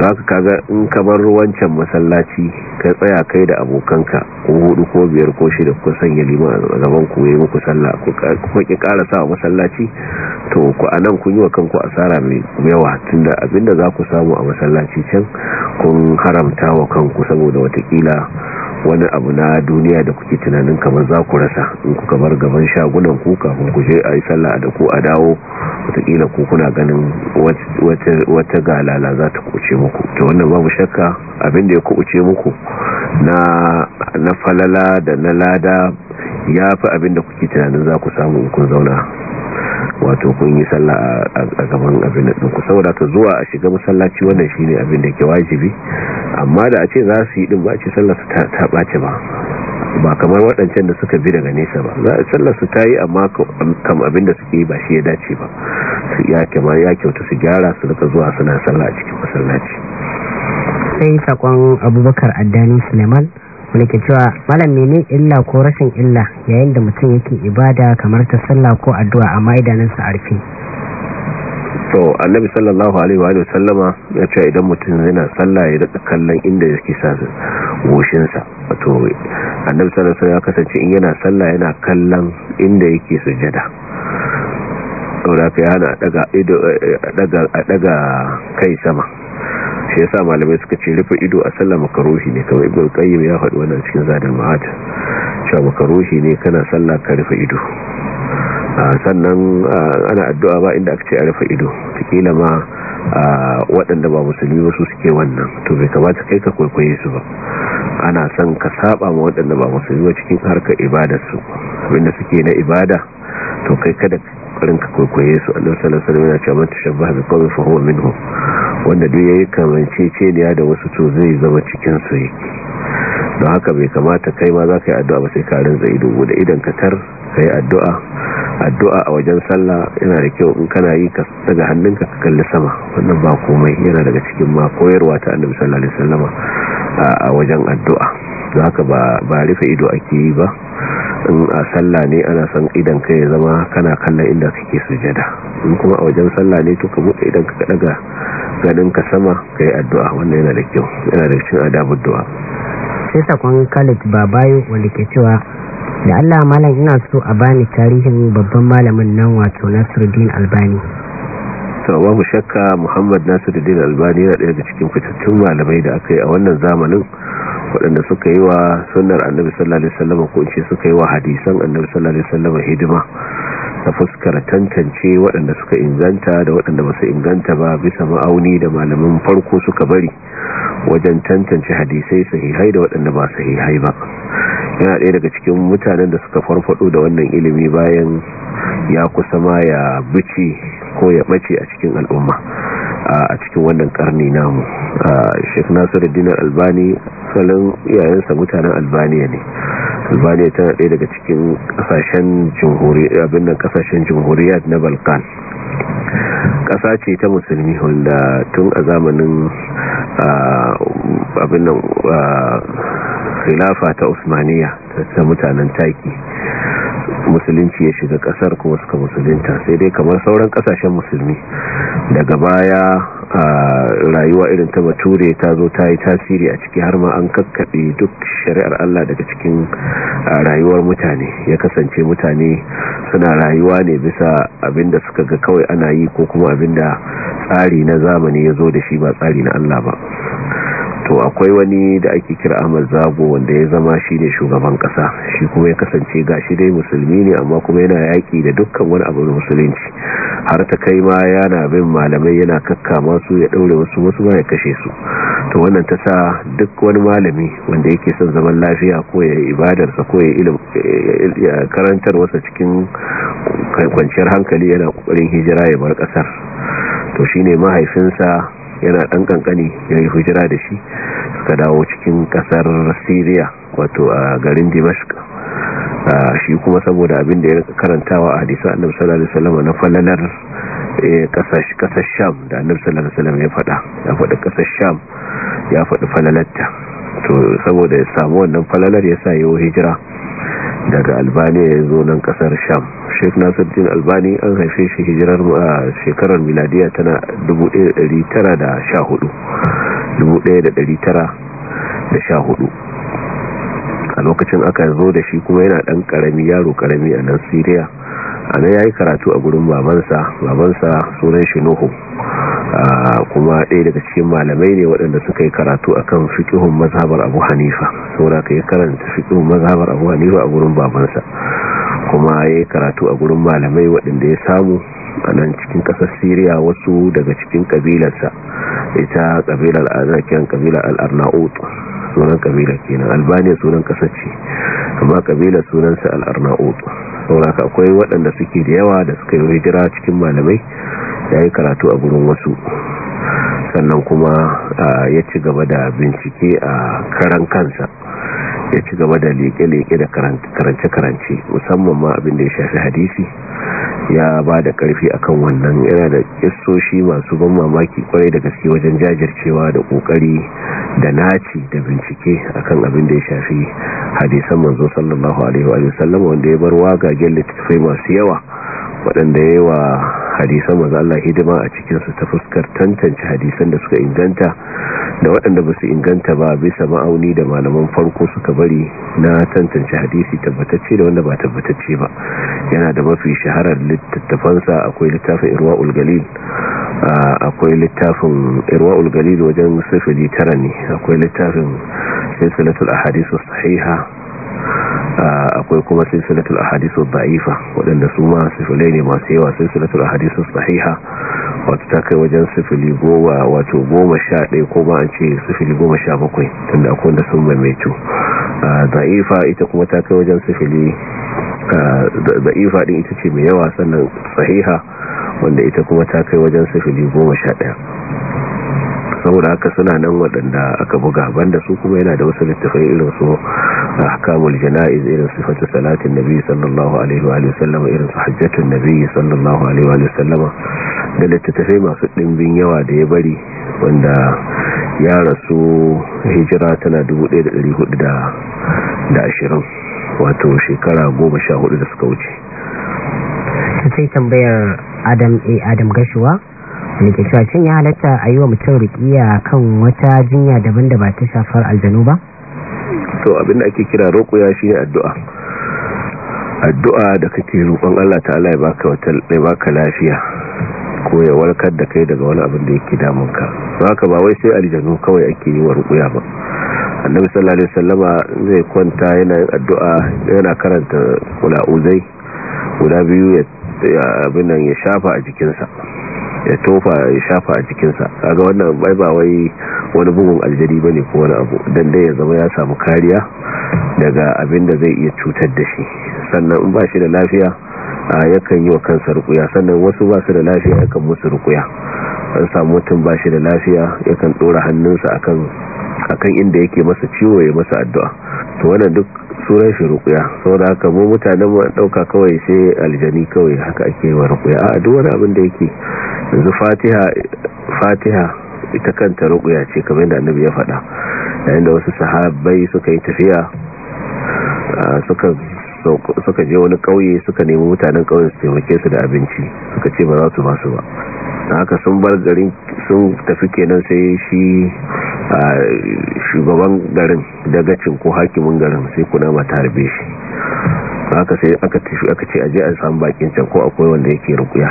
za ka kaga in kamar wancan masallaci ka tsaya kai da abokanka ko hudu ko biyar ko shida ko sanya lima a gaban ku yi muku sallah ko ki ƙara sa masallaci to ku a nan kun yi wa kanku asara mai yawa tunda abinda za ku samu a masallaci can kun haramta wa kanku saboda watakila wani abu na duniya da kuke tunanin kamar za ku rasa in kuka bar gaban shagunan ku kafin ku je a yi sallah da ku a dawo wataƙila ku kuna ganin wata galala za ta kuce muku ta wannan babu shakka abin da ya kuce muku na falala da na lada ya fi abin da kuke tunanin za ku samu in kun zauna wato kun yi sallah a gaban abin dinku ku saboda ka zuwa a shiga masallaci wannan shine abin da ke wajibi amma da a ce za su yi din ba ce sallar su ta bace ba ba kamar waɗancan da suka bi daga nesa ba za a sallar su ta yi amma kam abin da suke ba shi ya dace ba su ya kama ya kyauta su gyara su rika zuwa suna sallah a cikin masallaci sai sakon abubakar addani suleiman muke cewa malam ne illa ko rashin illa yayin da mutum yake ibada kamar ta sallah ko addu'a amma idanunsa a rufe to annabi sallallahu alaihi wa sallama ya ce idan mutum yana sallah ya rika kallon inda yake sa goshin sa to annabi sallallahu alaihi ya kasance in yana sallah yana kallon inda yake sujada saboda ka yana eh, eh, a daga daga kai sama shi yasa malamai suka ce rufe ido a sallah makaruhi ne kawai ibnu qayyim ya faɗi wannan cikin zadul ma'ad cewa makaruhi ne kana sallah ka rufe ido sannan ana addu'a ba inda aka ce a rufe ido kila ma waɗanda ba musulmi ba su suke wannan to bai kamata kai ka kwaikwaye su ba ana son ka saba ma waɗanda ba musulmi ba cikin harkar su abinda suke na ibada to kai kada kokarin ka kwaikwaye su a sallallahu alaihi wasallam yana cewa man tashabbaha bi qawmin fa huwa wanda duk yayi kamanceceniya da wasu to zai zama cikin su don haka bai kamata kai ma za ka yi addu'a ba sai ka rinza ido da idan ka tar ka yi addu'a addu'a a wajen sallah yana da kyau in kana yi ka daga hannunka ka kalli sama wannan ba komai yana daga cikin ma koyarwa ta annabi sallallahu alaihi wasallam a wajen addu'a don haka ba rufe ido ake yi ba in a sallah ne ana son idan ka zama kana kallon inda kake sujada in kuma a wajen sallah ne to ka buɗe idan ka daga ganin ka sama ka yi addu'a wannan yana da kyau yana da cikin adabud du'a sai sakon ba babayo wanda ke cewa da allah malam ina so a bani tarihin babban malamin nan wato nasiruddin albani to shakka muhammad nasiruddin albani yana daya da cikin fitattun malamai da aka yi a wannan zamanin waɗanda suka yi wa sunar annabi sallallahu alaihi wasallam ko in ce suka yi wa hadisan annabi sallallahu alaihi hidima ta fuskar tantance waɗanda suka inganta da waɗanda ba su inganta ba bisa ma'auni da malamin farko suka bari wajen tantance hadisai sahihai da waɗanda ba sahihai ba yana ɗaya daga cikin mutanen da suka farfaɗo da wannan ilimi bayan ya kusa ma ya bici ko ya ɓace a cikin al'umma a cikin wannan karni namu sheik dinar albani salon iyayensa mutanen albaniya ne albania tana ɗaya daga cikin kasashen abinnan kasashen jamhuriyar na balkan ƙasa ce ta musulmi wanda tun a zamanin abinnan khilafa ta usmaniya ta mutanen taki musulunci ya shiga kasar kuma suka musulunta sai dai kamar sauran ƙasashen musulmi daga baya rayuwa irin ta bature ta zo ta yi tasiri a ciki har ma an kakkaɓe duk shari'ar Allah daga cikin rayuwar mutane ya kasance mutane suna rayuwa ne bisa abinda suka ga kawai ana yi ko kuma abinda tsari na zamani ya zo da shi ba tsari na Allah ba to akwai wani da ake kira Ahmad Zago wanda ya zama shi ne shugaban kasa shi kuma ya kasance ga shi dai musulmi ne amma kuma yana yaki da dukkan wani abu musulunci har ta kai ma yana bin malamai yana kakkama su ya daure wasu wasu ma ya kashe su to wannan ta sa duk wani malami wanda yake son zaman lafiya ko ya ibadarsa ko ya ilim karantar wasa cikin kwanciyar hankali yana kokarin hijira ya bar kasar to shine mahaifinsa yana dan kankani ya yi hujira da shi suka dawo cikin kasar syria wato a garin dimashq shi kuma saboda abin da ya karantawa a hadisan annabi sallallahu alaihi na falalar kasar eh, sham da annabi sallallahu alaihi ya faɗa ya fada kasar sham ya faɗi falalarta to saboda ya samu wannan falalar ya sa yau hijira daga albania ya zo nan kasar sham sheikh nasiruddin albani an haife shi hijirar a shekarar miladiya tana 1914 1914 a lokacin aka zo da shi kuma yana dan karami yaro karami a nan syria a ya yi karatu a gurin babansa babansa sunan shi nuhu Ah, kuma ɗaya daga cikin malamai ne waɗanda suka yi karatu akan fiƙihun mazhabar Abu Hanifa saboda yi karanta fiƙihun mazhabar Abu Hanifa a gurin babansa kuma yayi karatu a gurin malamai waɗanda ya samu a nan cikin ƙasar siriya wasu daga cikin ƙabilarsa ita kabilar azakiyar kabilar al sunan ƙabilar kenan albaniya sunan ƙasar ce amma kabilar sunansa Al-Arnaut saboda akwai waɗanda suke da yawa da suka yi hijira cikin malamai ya yi karatu a gurin wasu sannan kuma ya ci gaba da bincike a karan kansa ya ci gaba da leke-leke da karance-karance musamman ma abin da ya shafi hadisi ya ba da karfi akan wannan yana da kistoshi masu ban mamaki kwarai da gaske wajen jajircewa da ƙoƙari da naci da bincike akan abin da ya shafi hadisan manzo sallallahu alaihi wa sallam wanda ya bar wagagen littattafai masu yawa waɗanda ya wa hadisan maza Allah hidima a cikinsu ta fuskar tantance hadisan da suka inganta da waɗanda ba su inganta ba bisa ma'auni da malaman farko suka bari na tantance hadisi tabbatacce da wanda ba tabbatacce ba yana da mafi shaharar littattafansa akwai littafin irwa ulgalil akwai littafin irwa ulgalil wajen sifili tara ne akwai littafin silsilatul ahadisu sahiha akwai kuma silsilatul ahadisu da'ifa waɗanda su ma sifilai ne masu yawa silsilatul ahadisu sahiha wato ta kai wajen sifili goma wato goma sha ɗaya ko ba an ce sifili goma sha bakwai tunda akwai wanda sun maimaitu da'ifa ita kuma ta kai wajen sifili da'ifa ɗin ita ce mai yawa sannan sahiha wanda ita kuma ta kai wajen sifili goma sha ɗaya saboda haka suna nan waɗanda aka buga banda su kuma yana da wasu littafai irin su ahkamul jana'iz irin sifatu salatin nabi sallallahu alaihi wa sallam irin su hajjatun nabi sallallahu alaihi wa sallam da littafai masu ɗimbin yawa da ya bari wanda ya rasu hijira tana dubu 1420 wato shekara hudu da suka wuce sai tambayar adam a eh, adam gashuwa likita ke cewa cin ya halatta a yi wa mutum rikiya kan wata jinya daban da ba ta shafar aljanu ba? to abinda ake kira ya shi ne addu'a addu'a da kake roƙon Allah ta'ala ya baka lafiya ko ya warkar da kai daga wani abin da ya ke damunka ba ka ba wai sai aljanu kawai ake yi wa rukuya ba annabi sallallahu alaihi wasallama zai kwanta yana yin addu'a yana karanta uzai guda biyu ya abin nan ya shafa a jikinsa ya tofa ya shafa a jikinsa kaga wannan bai ba wai wani bugun aljari bane ko wani abu dan dai ya zama ya samu kariya daga abin da zai iya cutar da shi sannan in ba shi da lafiya a yakan yi wa kansa rukuya sannan wasu ba su da lafiya yakan musu rukuya an samu mutum ba shi da lafiya yakan dora hannunsa akan akan inda yake masa ciwo ya masa addu'a to wannan duk surai shi rukuya saboda haka mu mutanen mu dauka kawai sai aljani kawai haka ake wa rukuya a duk wani abin da yake yanzu fatiha fatiha ita kanta rukuya ce kamar yadda annabi ya faɗa yayin da wasu sahabai suka yi tafiya suka je wani kauye suka nemi mutanen kauyen su taimake su da abinci suka ce ba za su basu ba haka sun bar garin sun tafi kenan sai shi shugaban garin dagacin ko hakimin garin sai kunama ta harbe shi haka sai aka aka ce aje a samu bakin can ko akwai wanda yake rukuya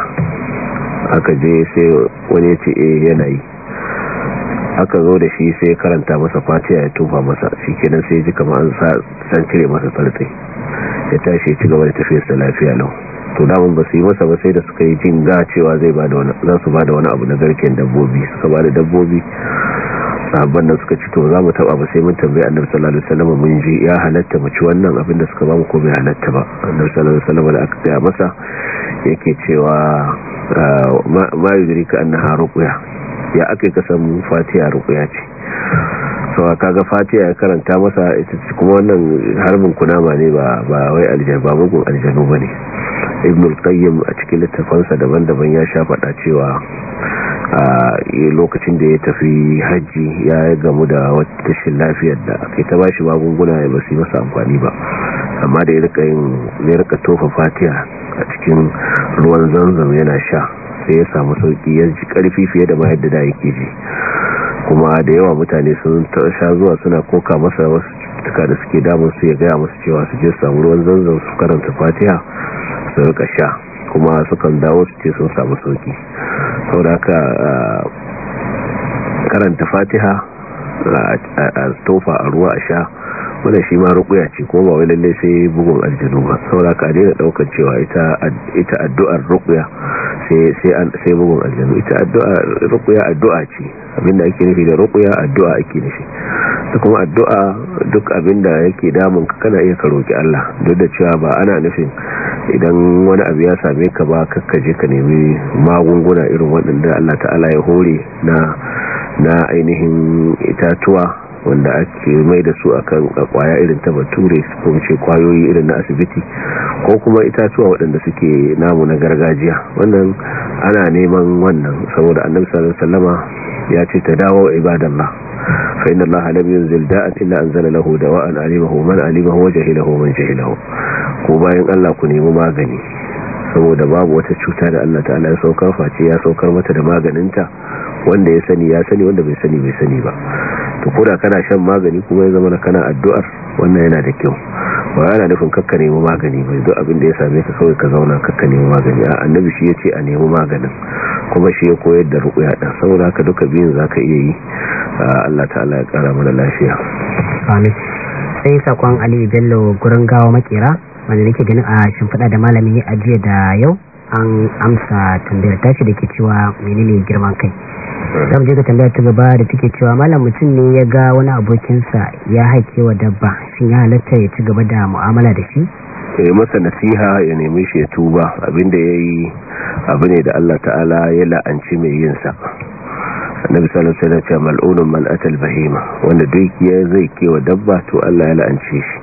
aka je sai wani ya ce eh yana yi aka zo da shi sai karanta masa fatiya ya tufa masa kenan sai ji kamar an sa san cire masa tsarki ya tashi ya ci gaba da tafiyarsa lafiya lau to mun ba su yi masa ba sai da suka yi jin ga cewa zai ba da wani za su ba da wani abu na garken dabbobi suka ba da dabbobi sahabban nan suka ci to za mu taba ba sai mun tambaye annabi sallallahu alaihi wasallam mun ji ya halatta mu ci wannan abin da suka ba mu ko bai halatta ba annabi sallallahu alaihi wasallam da aka tsaya masa yake cewa ah, ma yudrika annaha ruqya ya akai ka san fatiha ruqya ce so kaga fatiha ya karanta masa ita kuma wannan harbin kunama ne ba ba wai aljaba mugun aljanu bane ibn al-qayyim a cikin littafansa daban-daban ya sha faɗa cewa a lokacin da ya tafi hajji ya yi gamu da wata tashin lafiyar da aka ta bashi magunguna ya basu masa amfani ba amma da ya rika tofa fatiya a cikin ruwan zanzam yana sha sai ya samu sauki ya ji karfi fiye da bayar da da yake ji kuma da yawa mutane sun sha zuwa suna koka masa wasu cututtuka da suke damun su ya gaya masu cewa su je samu ruwan zanzan su karanta fatiha su rika sha kuma sukan dawo su ce sun samu sauki sau da aka karanta fatiha a tofa a ruwa a sha wadda shi ma rukuya ce ko ba wai lallai sai bugun aljinu ba saura ka daina daukar cewa ita addu'ar rukuya sai bugun aljanu ita addu'a ruqya addu'a ce abinda ake nufi da rukuya addu'a ake nufi da kuma addu'a duk abinda yake damun kana iya ka roki Allah duk da cewa ba ana nufin idan wani abu ya same ka ba kakka je ka nemi magunguna irin waɗanda Allah ta'ala ya hore na na ainihin itatuwa wanda ake mai da su akan kwaya irin ta bature ko ce kwayoyi irin na asibiti ko kuma itatuwa waɗanda suke namu na gargajiya wannan ana neman wannan saboda annabi sallallahu alaihi wasallama ya ce ta dawo ibadallah fa inna allaha lam yunzil da'an illa anzala lahu dawa'an alimahu man alimahu wa jahilahu man jahilahu ko bayan Allah ku nemi magani saboda babu wata cuta da Allah ta'ala ya saukar face ya saukar mata da maganinta wanda ya sani ya sani wanda bai sani bai sani ba to koda kana shan magani kuma ya zama kana addu'ar wannan yana da kyau ba yana nufin kakka nemi magani mai duk abin da ya same ka kawai ka zauna kakka nemi magani a annabi shi ya ce a nemi maganin kuma shi ya koyar da rukuya dan saboda haka duka biyun zaka iya yi Allah ta'ala ya kara mana lafiya amin sai sakon Ali Bello gurin gawo makera wanda nake ganin a shimfiɗa da malami ne da yau an amsa tambayar tashi da ke cewa menene girman kai mu je ga tambayar ta gaba da take cewa malam mutum ne ya ga wani abokinsa ya haike wa dabba shin ya halatta ya ci gaba da mu'amala da shi ya eh, masa nasiha ya nemi shi ya tuba abinda ya yi abu ne da Allah ta'ala ya la'anci mai yinsa annabi sallallahu da wasallam cewa man atal bahima wanda duk ya zai kewa dabba to Allah ya la'anci shi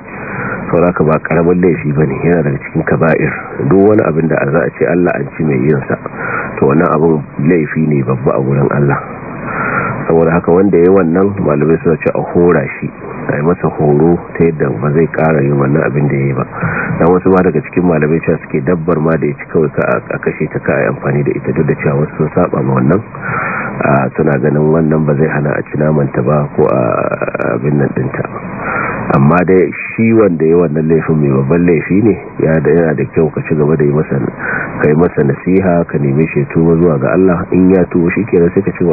ka ba karamin laifi ba ne yana daga cikin kaba'ir duk wani abin da za a ce Allah an ci mai yinsa to wannan abin laifi ne babba a wurin Allah saboda haka wanda ya yi wannan malamai suna ce a hora shi a yi masa horo ta yadda ba zai kara yin wannan abin da ya yi ba don wasu ba daga cikin malamai cewa suke dabbar ma da ya ci kawai a kashe ta ka a amfani da ita duk da cewa wasu sun saba ma wannan suna ganin wannan ba zai hana a ci ta ba ko a abin nan dinta amma dai shi wanda ya wannan laifin mai babban laifi ne ya da yana da kyau ka ci gaba da yi masa kai masa nasiha ka neme shi tuba zuwa ga Allah in ya tuba kenan sai ka ci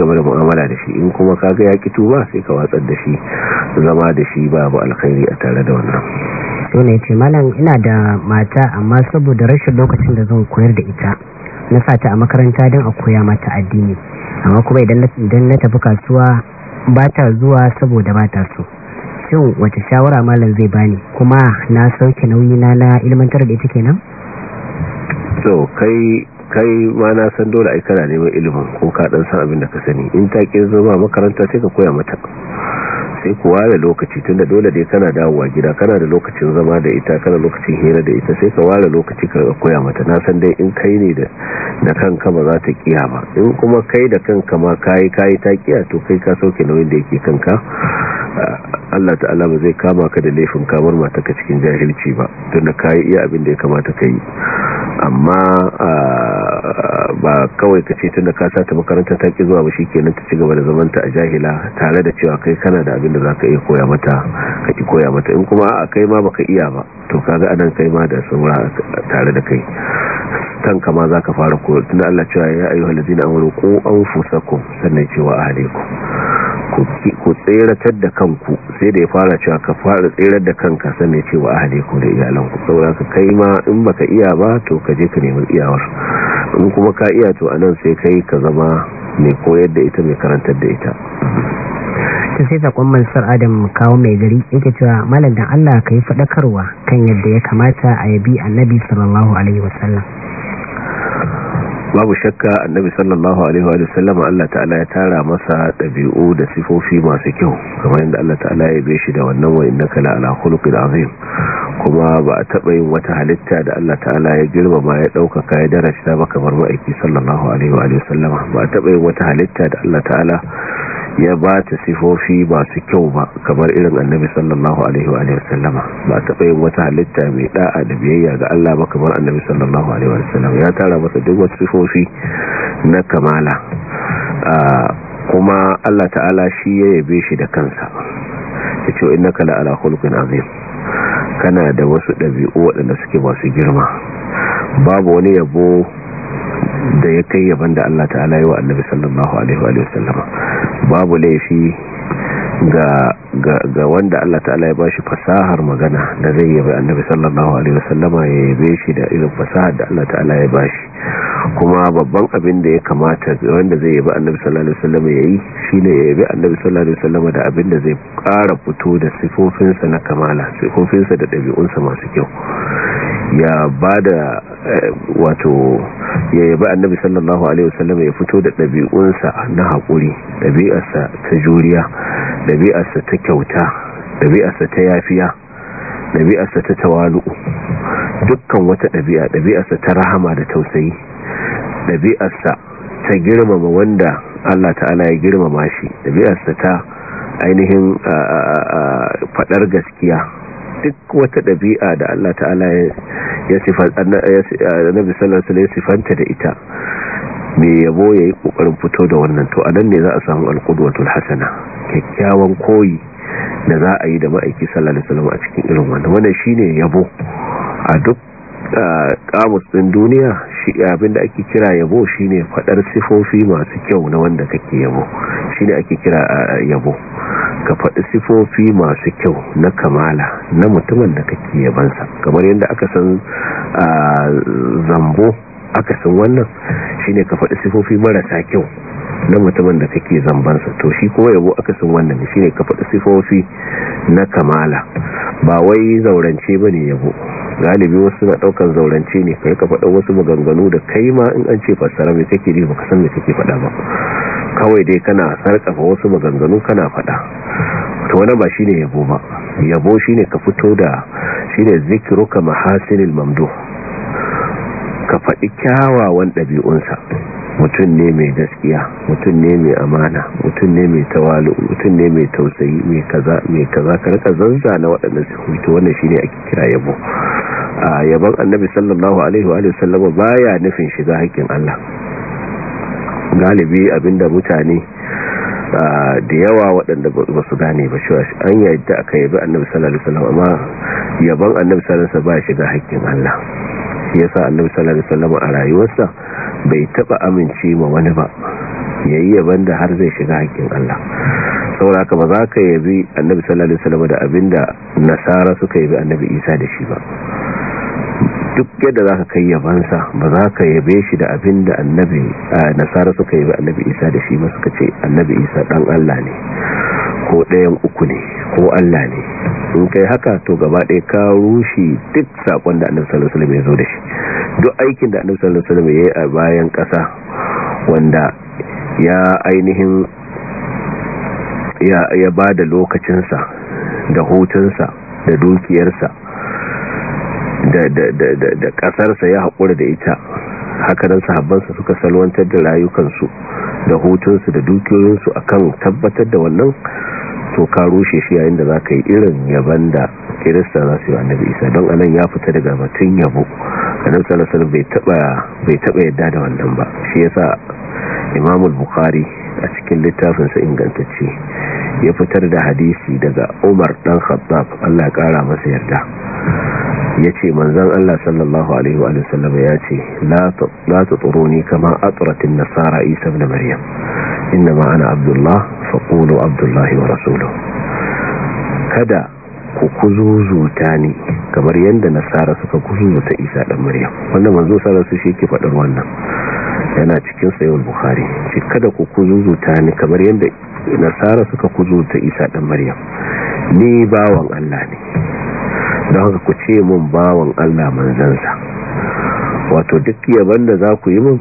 gaba da mu'amala da shi in kuma kaga ya ki tuba sai ka watsar da shi zama da shi babu alkhairi a tare da wannan to ne ce malam ina da mata amma saboda rashin lokacin da zan koyar da ita na sata a makaranta don a koya mata addini amma kuma idan na tafi kasuwa ba ta zuwa saboda ba ta so kyau wace shawara malam zai bani kuma na sauke nauyi na na ilmantar da ita kenan to kai kai ma na san dole ai kana neman ilimin ko ka dan san abin da ka sani in ta ke zama makaranta sai ka koya mata sai ku ware lokaci tunda dole dai kana dawowa gida kana da lokacin zama da ita kana lokacin hira da ita sai ka ware lokaci ka koya mata na san dai in kai ne da kanka ba za ta kiya ba in kuma kai da kanka ma kai kai ta kiya to kai ka sauke nauyin da yake kanka Allah ta'ala ba zai kama ka da laifin kamar mata ka cikin jahilci ba tunda kai iya abin da ya kamata kai amma ba kawai ka ce tunda ka sa ta makaranta ta ki zuwa ba shikenan ta ci gaba da zamanta a jahila tare da cewa kai kana da abin abin da ka iya koya mata ka ki koya mata in kuma a kai ma baka iya ba to kaga anan kai ma da saura tare da kai kanka ma za ka fara koya tun Allah cewa ya ayyuhal ladina amanu fusa anfusakum sannan cewa ahlikum ku tseratar da kanku sai da ya fara cewa ka fara tserar da kanka sannan cewa ahlikum da iyalanku saboda ka kai ma in baka iya ba to ka je ka nemi iyawar in kuma ka iya to anan sai kai ka zama mai koyar da ita mai karantar da ita ta sai sakon mansar adam kawo mai gari yake cewa malam dan Allah ka yi fadakarwa kan yadda ya kamata a yabi annabi sallallahu alaihi wasallam babu shakka annabi sallallahu alaihi wa sallam Allah ta'ala ya tara masa dabi'u da sifofi masu kyau kamar yadda Allah ta'ala ya yabe shi da wannan wa innaka la ala khuluqin azim kuma ba a taba yin wata halitta da Allah ta'ala ya girmama ya dauka ya darasta ba kamar aiki sallallahu alaihi wa sallam ba a taba yin wata halitta da Allah ta'ala ya ba ta sifofi ba su kyau ba kamar irin annabi sallallahu alaihi wa sallama ba ta yin wata halitta mai da'a da biyayya ga Allah ba kamar annabi sallallahu alaihi wa sallam ya tara masa duk wata sifofi na kamala kuma Allah ta'ala shi ya yabe shi da kansa ya ce innaka la ala khuluqin azim kana da wasu ɗabi'u waɗanda suke ba su girma babu wani yabo da ya kai yaban da Allah ta'ala yi wa annabi sallallahu alaihi wa sallama babu laifi ga ga wanda Allah ta'ala ya bashi fasahar magana da zai yabi annabi sallallahu alaihi sallama ya yabe shi da irin fasahar da Allah ta'ala ya bashi kuma babban abin da ya kamata wanda zai yabi annabi sallallahu alaihi wasallama yayi shine ya yabi annabi sallallahu alaihi sallama da abin da zai ƙara fito da sa na kamala sa da ɗabi'unsa masu kyau ya bada eh, wato ya yabi annabi sallallahu alaihi wasallam ya fito da ɗabi'unsa na haƙuri ɗabi'arsa ta juriya ɗabi'arsa ta kyauta ɗabi'arsa ta yafiya ɗabi'arsa ta tawalu dukkan wata ɗabi'a ɗabi'arsa ta rahama da tausayi ɗabi'arsa ta girmama wanda Allah ta'ala ya girmama shi ɗabi'arsa ta ainihin faɗar gaskiya duk wata ɗabi'a da Allah ta'ala ya sifanta da ita mai yabo ya yi ƙoƙarin fito da wannan to A nan ne za a samu alƙudwatul hasana kyakkyawan koyi da za a yi da ma'aiki sallallahu alaihi wasallam a cikin irin wannan wannan shine yabo a duk kamus din duniya shi da ake kira yabo shine fadar sifofi masu kyau na wanda kake yabo shine ake kira yabo ka faɗi sifofi masu kyau na kamala na mutumin da kake yabansa kamar yadda aka san zambo akasin wannan shine ka faɗi sifofi marasa kyau na mutumin da kake zambansa to shi kowa yabo akasin wannan shine ka faɗi sifofi na kamala ba wai zaurance bane yabo galibi wasu na daukan zaurance ne kai ka faɗa wasu maganganu da kai ma in an ce fassara me kake ne baka san me kake faɗa ba kawai dai kana sarkafa wasu maganganu kana faɗa to wannan ba shine yabo ba yabo shine ka fito da shine ka mahasinil mamduh ka faɗi kyawawan ɗabi'unsa mutum ne mai gaskiya mutum ne mai amana mutum ne mai tawalu mutum ne mai tausayi mai kaza mai kaza ka rika zanza na waɗannan sifofi wannan shine ake kira yabo a yabon annabi sallallahu alaihi wa ba baya nufin shiga haƙƙin Allah galibi abinda mutane da yawa waɗanda ba su gane ba shi an yadda aka yabi annabi sallallahu alaihi wa amma yabon annabi sallallahu alaihi ya ba shiga haƙƙin Allah shi yasa annabi sallallahu alaihi wasallam a rayuwarsa bai taba amince ma wani ba yayi yaban da har zai shiga hakkin Allah saboda ka ba za ka yabi annabi sallallahu alaihi wasallam da abinda nasara suka yabi annabi Isa da shi ba duk yadda za ka kai yabansa ba za ka yabe shi da abin da annabi nasara suka yi annabi isa da shi ba suka ce annabi isa dan allah ne ko ɗayan uku ne ko allah ne in kai haka to gaba ɗaya ka rushe duk saƙon da annabi sallallahu alaihi ya zo da shi duk aikin da annabi sallallahu alaihi wasallam ya yi a bayan ƙasa wanda ya ainihin ya ya bada lokacinsa da hutunsa da dukiyarsa da da ƙasarsa ya haƙura da ita hakanan sahabbansa suka salwantar da rayukansu da hutunsu da dukiyoyinsu akan tabbatar da wannan to ka rushe shi yayin da za ka yi irin yaban da kirista za su yi annabi isa don anan ya fita daga batun yabo annabi sallallahu alaihi wasallam bai taba yadda da wannan ba shi yasa imamul bukhari a cikin littafinsa ingantacce ya fitar da hadisi daga umar dan khattab allah ƙara kara masa yarda ya ce manzan allah sallallahu alaihi wa sallam ya ce la ta ni kama nasara isa da maryam inna ma'ana ana abdullah faqulu abdullahi wa rasuluhu kada ku kuzuzuta ni kamar yadda nasara suka kuzuzuta isa dan maryam wannan manzo sallallahu alaihi wa sallam shi ke faɗar wannan yana cikin sayon Buhari ce kada ku kuzuzuta ni kamar yadda nasara suka kuzuzuta isa ɗan maryam ni bawan allah ne don haka ku ce mun bawan allah manzansa wato duk yaban da za ku yi mun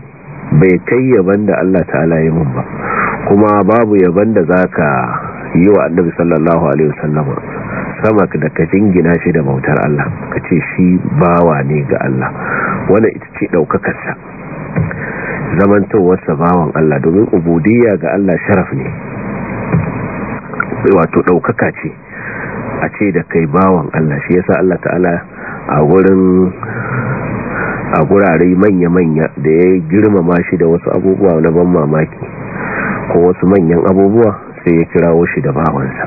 bai kai yaban da allah ta'ala yi mun ba kuma babu yaban da za ka yi wa annabi sallallahu alaihi wasallama sama da ka jingina shi da bautar allah ka ce shi bawa ne ga allah wani ita ce ɗaukakarsa zamantowarsa bawan Allah domin ubudiyya ga Allah sharaf ne wato ɗaukaka ce a ce da kai bawan Allah shi yasa Allah ta'ala a wurin a gurare manya-manya da ya girmama shi da wasu abubuwa na ban mamaki ko wasu manyan abubuwa sai ya kirawo shi da bawansa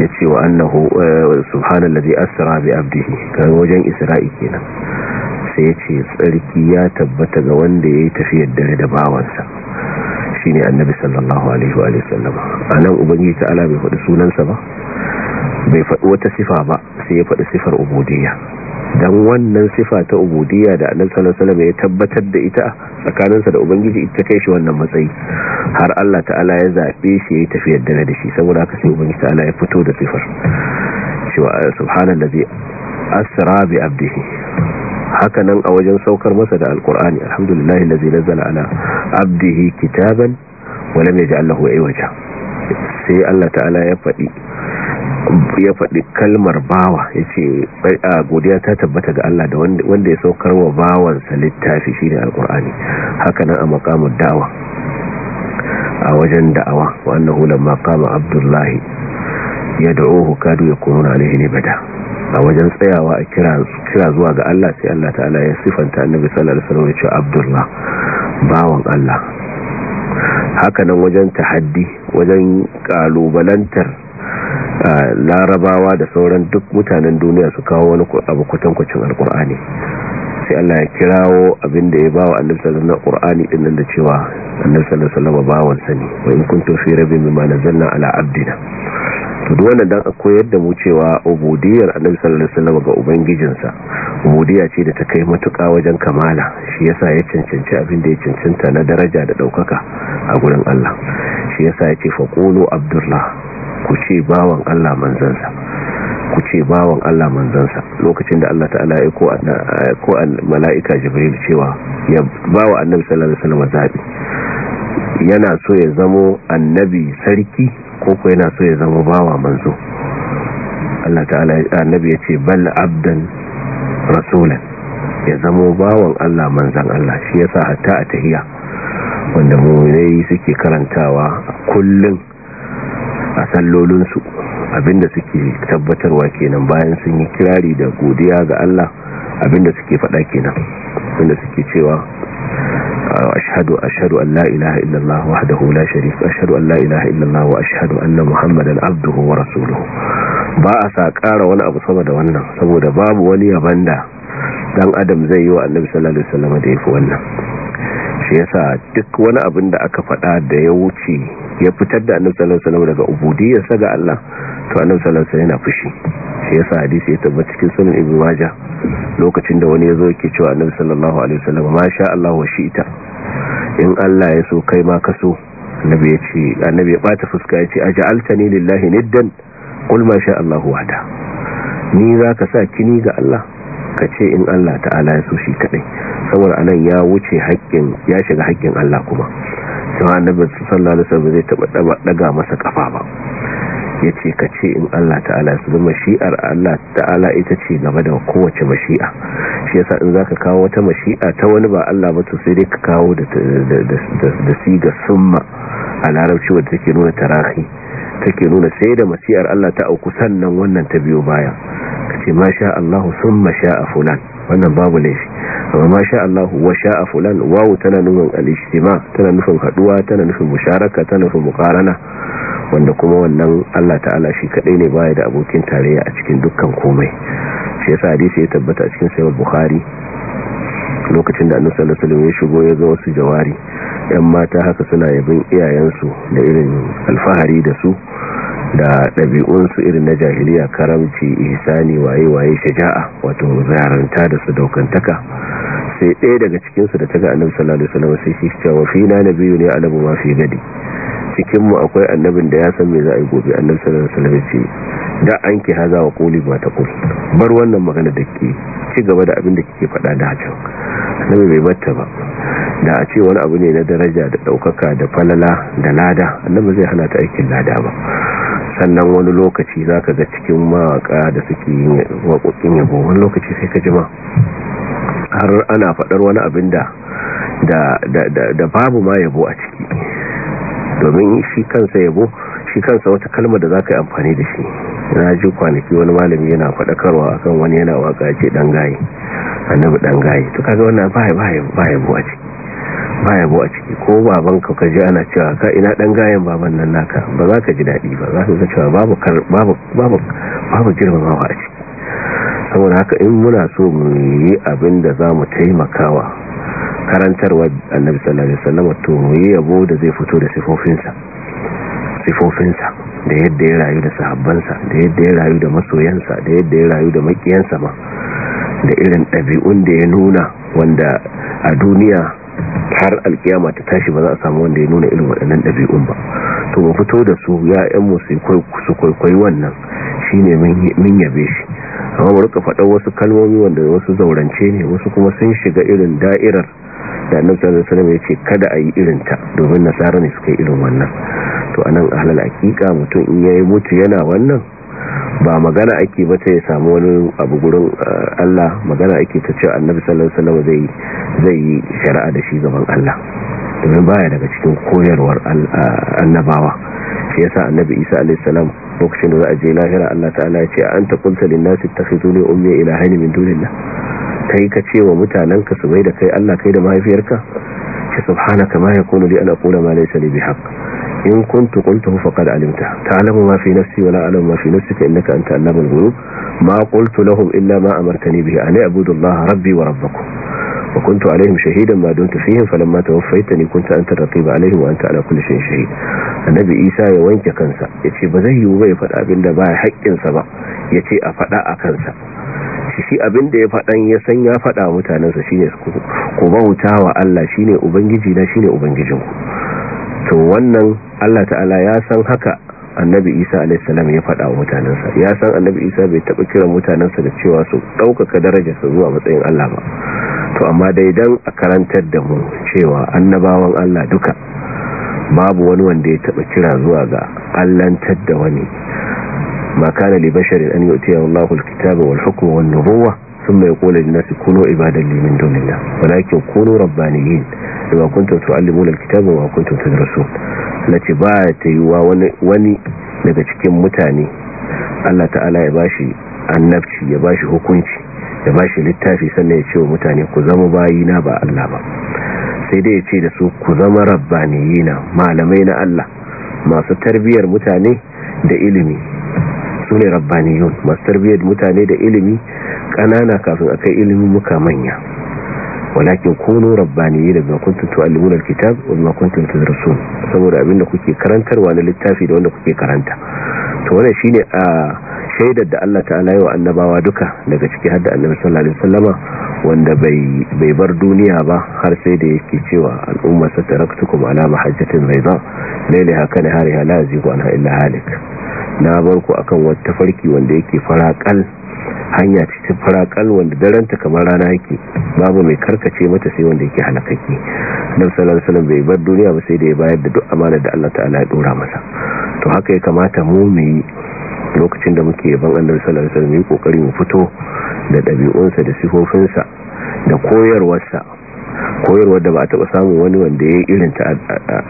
ya ce wa annahu eh, subhanallazi asra bi abdihi kan wajen isra'i kenan kansa ya ce tsarki ya tabbata ga wanda ya yi tafiyar dare da bawansa shi ne annabi sallallahu alaihi wa a nan ubangiji ala bai faɗi sunansa ba bai faɗi wata sifa ba sai ya faɗi sifar ubudiyya don wannan sifa ta ubudiyya da annabi sallallahu alaihi ya tabbatar da ita tsakaninsa da ubangiji ita kai shi wannan matsayi har Allah ta'ala ya zaɓe shi ya tafiyar dare da shi saboda haka sai ubangiji ta'ala ya fito da sifar cewa subhanallazi asra bi abdihi hakanan a wajen saukar masa da alkur'ani alhamdulillahi allazi nazala ala abdihi kitaban wa lam yaj'al lahu sai Allah ta'ala ya faɗi ya faɗi kalmar bawa ya ce a godiya ta tabbata ga Allah da wanda ya saukar wa bawansa littafi shi ne alkur'ani hakanan a makamun da'wa a wajen da'awa annahu lamma qama abdullahi ya kadu ya alayhi nibada a wajen tsayawa a kira zuwa ga Allah sai Allah ta'ala ya sifanta annabi sallallahu alaihi wasallam cewa Abdullah bawan Allah hakanan wajen tahaddi wajen kalubalantar larabawa da sauran duk mutanen duniya su kawo wani abu kwatankwacin alkur'ani sai Allah ya kirawo abin da ya ba wa annabi sallallahu alaihi wasallam din nan da cewa annabi sallallahu alaihi wasallam bawan sani wa in kuntum fi rabbin mimma nazzalna ala abdina to duk wannan dan a koyar mu cewa ubudiyar annabi sallallahu alaihi wasallam ga ubangijinsa ubudiya ce da ta kai matuƙa wajen kamala shi yasa ya cancanci abin da ya cancanta na daraja da daukaka a gurin Allah shi yasa ya faqulu abdullah ku ce bawan Allah manzansa ku ce bawan Allah manzansa lokacin da Allah ta'ala ya ko ko mala'ika jibril cewa ya bawa annabi sallallahu alaihi wasallam zabi yana so ya zamo annabi sarki Koko yana so ya zama bawa manzo Allah ta'ala annabi ya ce bal abdan rasulan ya zama bawan Allah manzan Allah shi yasa hatta a tahiya wanda mu'minai suke karantawa kullun a sallolin abinda suke tabbatarwa kenan bayan sun yi kirari da godiya ga Allah abinda suke faɗa kenan wanda suke cewa أشهد أشهد أن لا إله إلا الله وحده لا شريك أشهد أن لا إله إلا الله وأشهد أن محمدا عبده ورسوله ba a sa ƙara wani abu sama da wannan saboda babu wani yaban da dan adam zai yi wa annabi sallallahu alaihi wasallam da yafi wannan shi yasa duk wani abin da aka faɗa da ya wuce ya fitar da annabi sallallahu alaihi wasallam daga sa ga Allah to annabi sallallahu alaihi wasallam yana fushi shi yasa hadisi ya tabbata cikin sunan ibnu waja. lokacin da wani yazo yake cewa annabi sallallahu alaihi wasallam masha Allah wa shi'ta in Allah ya so kai ma ka so annabi ya ce annabi ya bata fuska ya ce aj'altani lillahi niddan qul ma sha Allah wahda ni zaka sa kini ga Allah ka ce in Allah ta'ala ya so shi kadai saboda anan ya wuce haƙƙin ya shiga haƙƙin Allah kuma sai annabi sallallahu alaihi wasallam zai taba daga masa kafa ba yace ka ce in Allah ta'ala su shi'ar Allah ta'ala ita ce game da kowace mashi'a shi yasa in zaka kawo wata mashi'a ta wani ba Allah ba to sai dai ka kawo da da da siga summa a larabci wadda take nuna tarahi take nuna sai da masiyar Allah ta auku sannan wannan ta biyo baya kace ma sha Allah summa sha fulan wannan babu laifi amma masha sha Allah wa sha fulan wawu tana nufin al-ijtima tana nufin haduwa tana nufin musharaka tana nufin muqarana wanda kuma wannan Allah ta'ala shi kadai ne baya da abokin tarayya a cikin dukkan komai shi yasa hadisi ya tabbata a cikin sahih Bukhari lokacin da annabi sallallahu alaihi wasallam ya shigo ya ga wasu jawari yan mata haka suna yabin iyayensu da irin alfahari da su da ɗabi'unsu irin na jahiliya karamci ihsani waye waye shaja'a wato zaranta da su daukantaka sai ɗaya daga cikinsu da ta ga annabi sallallahu alaihi wasallam sai shi cewa fi na nabiyyu ne alabu ma fi gadi cikinmu akwai annabin da ya san me za a yi gobe annabi sallallahu alaihi wasallam ce da an ki haza wa quli ta taqul bar wannan magana da ke ci gaba da abin da kike faɗa da hajjan annabi bai batta ba da a ce wani abu ne na daraja da ɗaukaka da falala da lada annabi zai hana ta aikin lada ba sannan wani lokaci za ka ga cikin mawaka da suke yin waƙoƙin yabo wani lokaci sai ka ji ma har ana faɗar wani abin da da babu ma yabo a ciki domin shi kansa yabo shi kansa wata kalma da za ka yi amfani da shi na ji kwanaki wani malami yana faɗakarwa kan wani yana waka ce ɗan gaye annabi ɗan gaye to kaga wannan ba yabo a ciki ko baban ka kaji ana cewa ka ina ɗan gayen baban nan naka ba za ka ji daɗi ba za ka ga cewa babu babu babu babu a ciki saboda haka in muna so mu yi abin da za mu taimakawa karantarwa annabi sallallahu alaihi wasallam to yi yabo da zai fito da sifofinsa sifofinsa da yadda ya rayu da sahabbansa da yadda ya rayu da masoyansa da yadda ya rayu da makiyansa ma da irin dabi'un da ya nuna wanda a duniya har alkiyama ta tashi ba za a samu wanda ya nuna irin waɗannan dabi'un ba to mu fito da su ya ƴan mu su kwaikwayi wannan shine min yabe shi amma mu rika faɗa wasu kalmomi wanda wasu zaurance ne wasu kuma sun shiga irin da'irar da annabi sallallahu alaihi wasallam yace kada a yi irin ta domin nasara ne suka yi irin wannan to anan ahlal hakika mutum in ya yi mutu yana wannan ba magana ake ba ta ya samu wani abu gurin eh, Allah magana ake ta ce annabi sallallahu alaihi wasallam zai zai shari'a da shi gaban Allah domin baya daga cikin koyarwar annabawa shi yasa annabi isa alaihissalam lokacin da za a je lahira allah ta'ala ya ce anta qulta lin-nasi ta fi zuni umiya min dunillah kai ka ce wa mutanen ka su bai da kai allah kai da mahaifiyarka ce subhanaka ma yakunu li an aqula ma laysa li bihaq in kuntu qultuhu faqad alimta ta'lamu ma fi nafsi wa la a'lamu ma fi nafsika innaka anta allamul ghuyub ma qultu lahum illa ma amartani bihi an a'budu allaha rabbi wa rabbakum wa عليهم شهيدا shahidan دونت فيهم فلما توفيتني كنت أنت الرقيب عليهم وأنت على كل شيء شهيد النبي إيسا annabi isa ya wanke kansa فتا ba zai yiwu ba ya faɗa abin ba ba a faɗa a kansa shi abin da ya faɗan ya san ya faɗa mutanensa shine su ku bauta wa Allah shine ubangiji na shine ubangijinku to wannan Allah ta'ala ya san haka annabi Isa salam ya faɗa wa mutanensa ya san annabi Isa bai taɓa kiran mutanensa da cewa su ɗaukaka su zuwa matsayin Allah ba to amma dai dan a karantar da mu cewa annabawan Allah duka babu wani wanda ya taba kira zuwa ga allantar da wani ma kana li basharin an yu'tiya Allahu al wal hukma wan nubuwwa thumma yaqulu lin-nasi kunu ibadan li min dunillah walakin kunu rabbaniyin bima kuntum tu'allimuna al wa rasu na lati ba ta yi wa wani daga cikin mutane Allah ta'ala ya bashi annabci ya bashi hukunci ya ba shi littafi sannan ya ce wa mutane ku zama bayina ba Allah ba sai dai ya ce da su ku zama na malamai na Allah masu tarbiyyar mutane da ilimi su ne rabbaniyun masu tarbiyar mutane da ilimi ƙanana kafin a kai ilimin muka manya walakin kuno rabbaniyi da kuntum tu'allimuna alkitab wa makuntun kuntum rasu saboda abinda kuke karantarwa na littafi da wanda kuke karanta to wannan shine a ah, shaidar da Allah ta'ala yi wa annabawa duka daga ciki har da annabi sallallahu alaihi wasallama wanda bai bai bar duniya ba har sai da yake cewa al'umma sa taraktukum ala mahajjatin bayda lailaha kana hariha la yazigu anha illa halik na bar ku akan wata farki wanda yake farakal hanya cikin farakal wanda daranta kamar rana yake babu mai karkace mata sai wanda yake halakaki nan wasallam bai bar duniya ba sai da ya bayar da duk amana da Allah ta'ala ya dora masa to haka ya kamata mu mai lokacin da muke yaban annabi sallallahu alaihi wasallam yi kokari mu fito da ɗabi'unsa da sifofinsa da koyarwarsa koyarwar da ba a taba samun wani wanda ya yi ta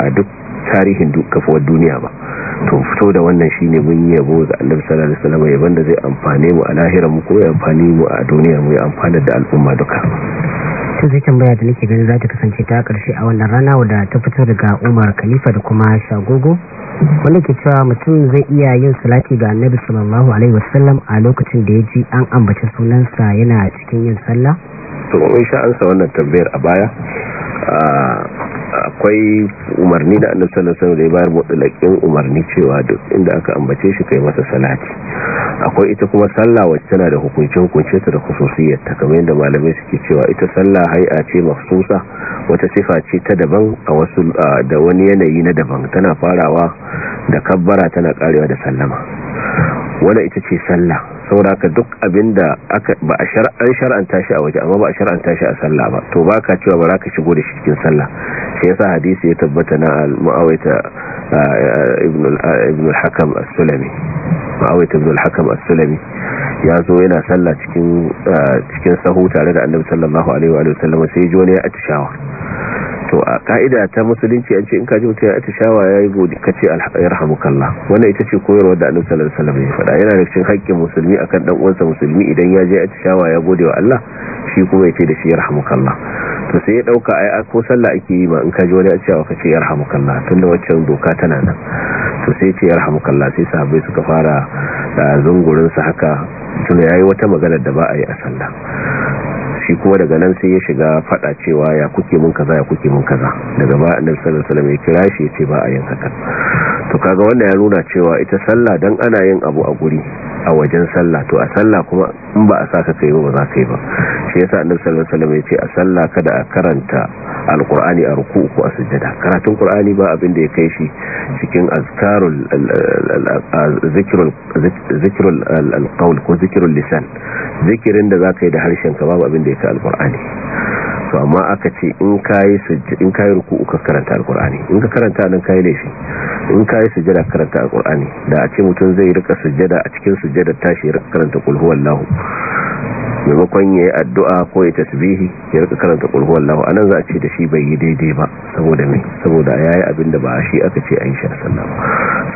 a duk tarihin kafawar duniya ba to fito da wannan shine mun yi yabo ga annabi sallallahu alaihi wasallam yaban da zai amfane mu a lahirar mu ko ya amfane mu a duniya mu ya amfana da al'umma duka sun zai baya da nake ganin za ta kasance ta karshe a wannan rana wadda ta fito daga Umar Khalifa da kuma Shagogo wani ke cewa mutum zai iya yin salati ga annabi sallallahu alaihi wasallam a lokacin da ya ji an ambaci sunansa yana cikin yin sallah to mun sha'ansa ansa wannan tambayar a baya ah, akwai umarni da annabi sallallahu alaihi wasallam da ya bayar mutlaqin umarni cewa duk inda aka ambace shi kai masa salati akwai ita kuma sallah wacce tana da hukuncin hukunce ta da khususiyar ta kamar yadda malamai suke cewa ita sallah hay'a ce mafsusa wata sifa ce ta daban a wasu da wani yanayi na daban tana farawa da kabbara tana karewa da sallama wannan ita ce sallah sauraka ka duk abinda aka ba a shar'an shar'anta shi a waje amma ba a shar'anta shi a sallah ba to baka cewa ba za ka shigo da shi cikin sallah shi yasa hadisi ya tabbata na al-mu'awaita ibn ibn al-hakam as-sulami mu'awaita ibn ibn al hakam as sulami as-sulami ya zo yana sallah cikin cikin sahu tare da annabi sallallahu alaihi wa sallam sai jone ya atishawa to a ka'ida ta musulunci an ce in kaji mutum ya atishawa yayi godi kace alhamdulillah wannan ita ce koyarwa da Annabi sallallahu alaihi wasallam ya faɗa yana da cikin haƙƙin musulmi akan dan uwansa musulmi idan ya je shawa ya gode wa Allah shi kuma ya ce da shi ya yarhamukallah to sai ya dauka ai ko sallah ake yi ma in kaji wani a ya kace tun tunda wacce doka tana nan to sai ya ce sai sahabbai suka fara da zungurin sa haka tunda yayi wata magana da ba a yi a sallah shi kuma daga nan sai ya shiga fada cewa ya kuke mun kaza ya kuke mun kaza daga ba annabi sallallahu alaihi wasallam ya kira shi ya ce ba a yin haka to kaga wannan ya nuna cewa ita sallah dan ana yin abu a guri a wajen sallah to a sallah kuma in ba a saka kai ba ba za ka yi ba shi yasa annabi sallallahu alaihi wasallam yace a sallah kada a karanta alqur'ani a ruku'u ko a sujjada karatun qur'ani ba abin da ya kai shi cikin azkarul zikrul zikrul alqaul ko zikrul lisan zikirin da zaka yi da harshen ka babu abin da ya kai alqur'ani to amma aka ce in kayi sujjada in kayi ruku'u ka karanta alqur'ani in ka karanta nan kayi laifi in kayi sujjada karanta alqur'ani da a ce mutum zai rika sujjada a cikin sujjada tashi rika karanta qul huwallahu maimakon ya yi addu'a ko ya tasbihi ya rika karanta ƙulhuwar lahu a nan za a ce da shi bai yi daidai ba saboda mai saboda ya yi abin da ba shi aka ce a yi shi a sallah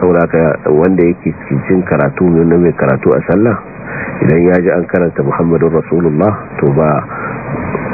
saboda ka wanda yake cikin karatu na mai karatu a sallah idan ya ji an karanta muhammadun rasulullah to ba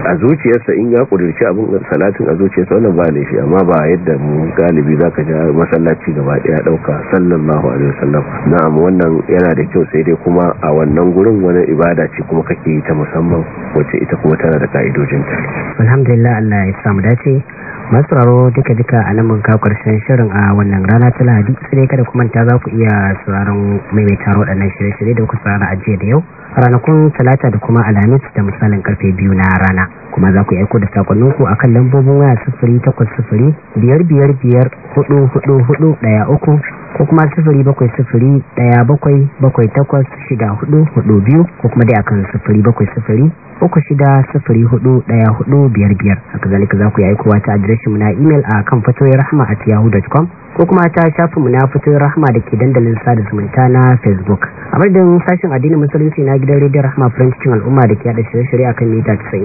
a zuciyarsa in ya kudurci abin salatin a zuciyarsa wannan ba shi amma ba yadda mu galibi za ka ja masallaci gaba daya ɗauka sallallahu alaihi wasallam na'am wannan yana da kyau sai dai kuma a wannan gurin wani ibada ce kuma kake yi ta musamman wacce ita kuma tana da ka'idojinta alhamdulillah Allah ya samu dace masu duka-duka a nan mun karshen shirin a wannan rana ta lahadi su ne kada kumanta za ku iya sauraron maimaitar waɗannan shirye-shirye da kuka tsara jiya da yau ranakun talata da kuma alhamis da misalin karfe biyu na rana kuma za ku aiko da sakonninku a kan lambobin waya sufuri takwas sufuri biyar biyar biyar hudu hudu hudu ɗaya uku ko kuma sufuri bakwai sufuri daya bakwai bakwai takwas shida hudu hudu biyu ko kuma dai akan sufuri bakwai sufuri uku shida sufuri hudu daya hudu biyar biyar haka zalika za ku yi aikowa ta adireshin na imel a kan fatoyi rahama at yahoo.com ko kuma ta shafi munafikin rahma da ke dandalin sada zumunta na facebook a madadin sashen addinin musulunci na gidan rediyon rahma furancikin al'umma da ke yada shirye-shirye akan mita 97.3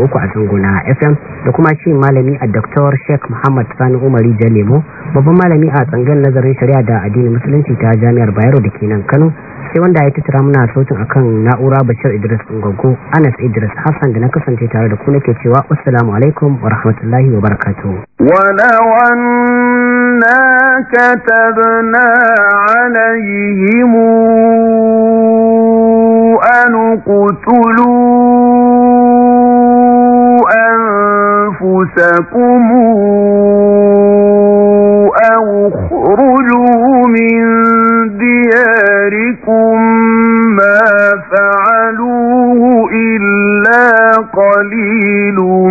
a na fm da kuma shi malami a dr sheik muhammad sani umari jalemo babban malami a tsangan nazarin shari'a da addinin musulunci ta jami'ar bayero da ke nan kano sai wanda ya tattara muna sautin akan na'ura bashir idris ungogo anas idris hassan da na kasance tare da ku nake cewa assalamu alaikum wa rahmatullahi wa barakatuh إِنَّا كَتَبْنَا عَلَيْهِمْ أَنِ اقْتُلُوا أَنفُسَكُمْ أَوْ اخْرُجُوا مِن دِيَارِكُمْ مَا فَعَلُوهُ إِلَّا قَلِيلٌ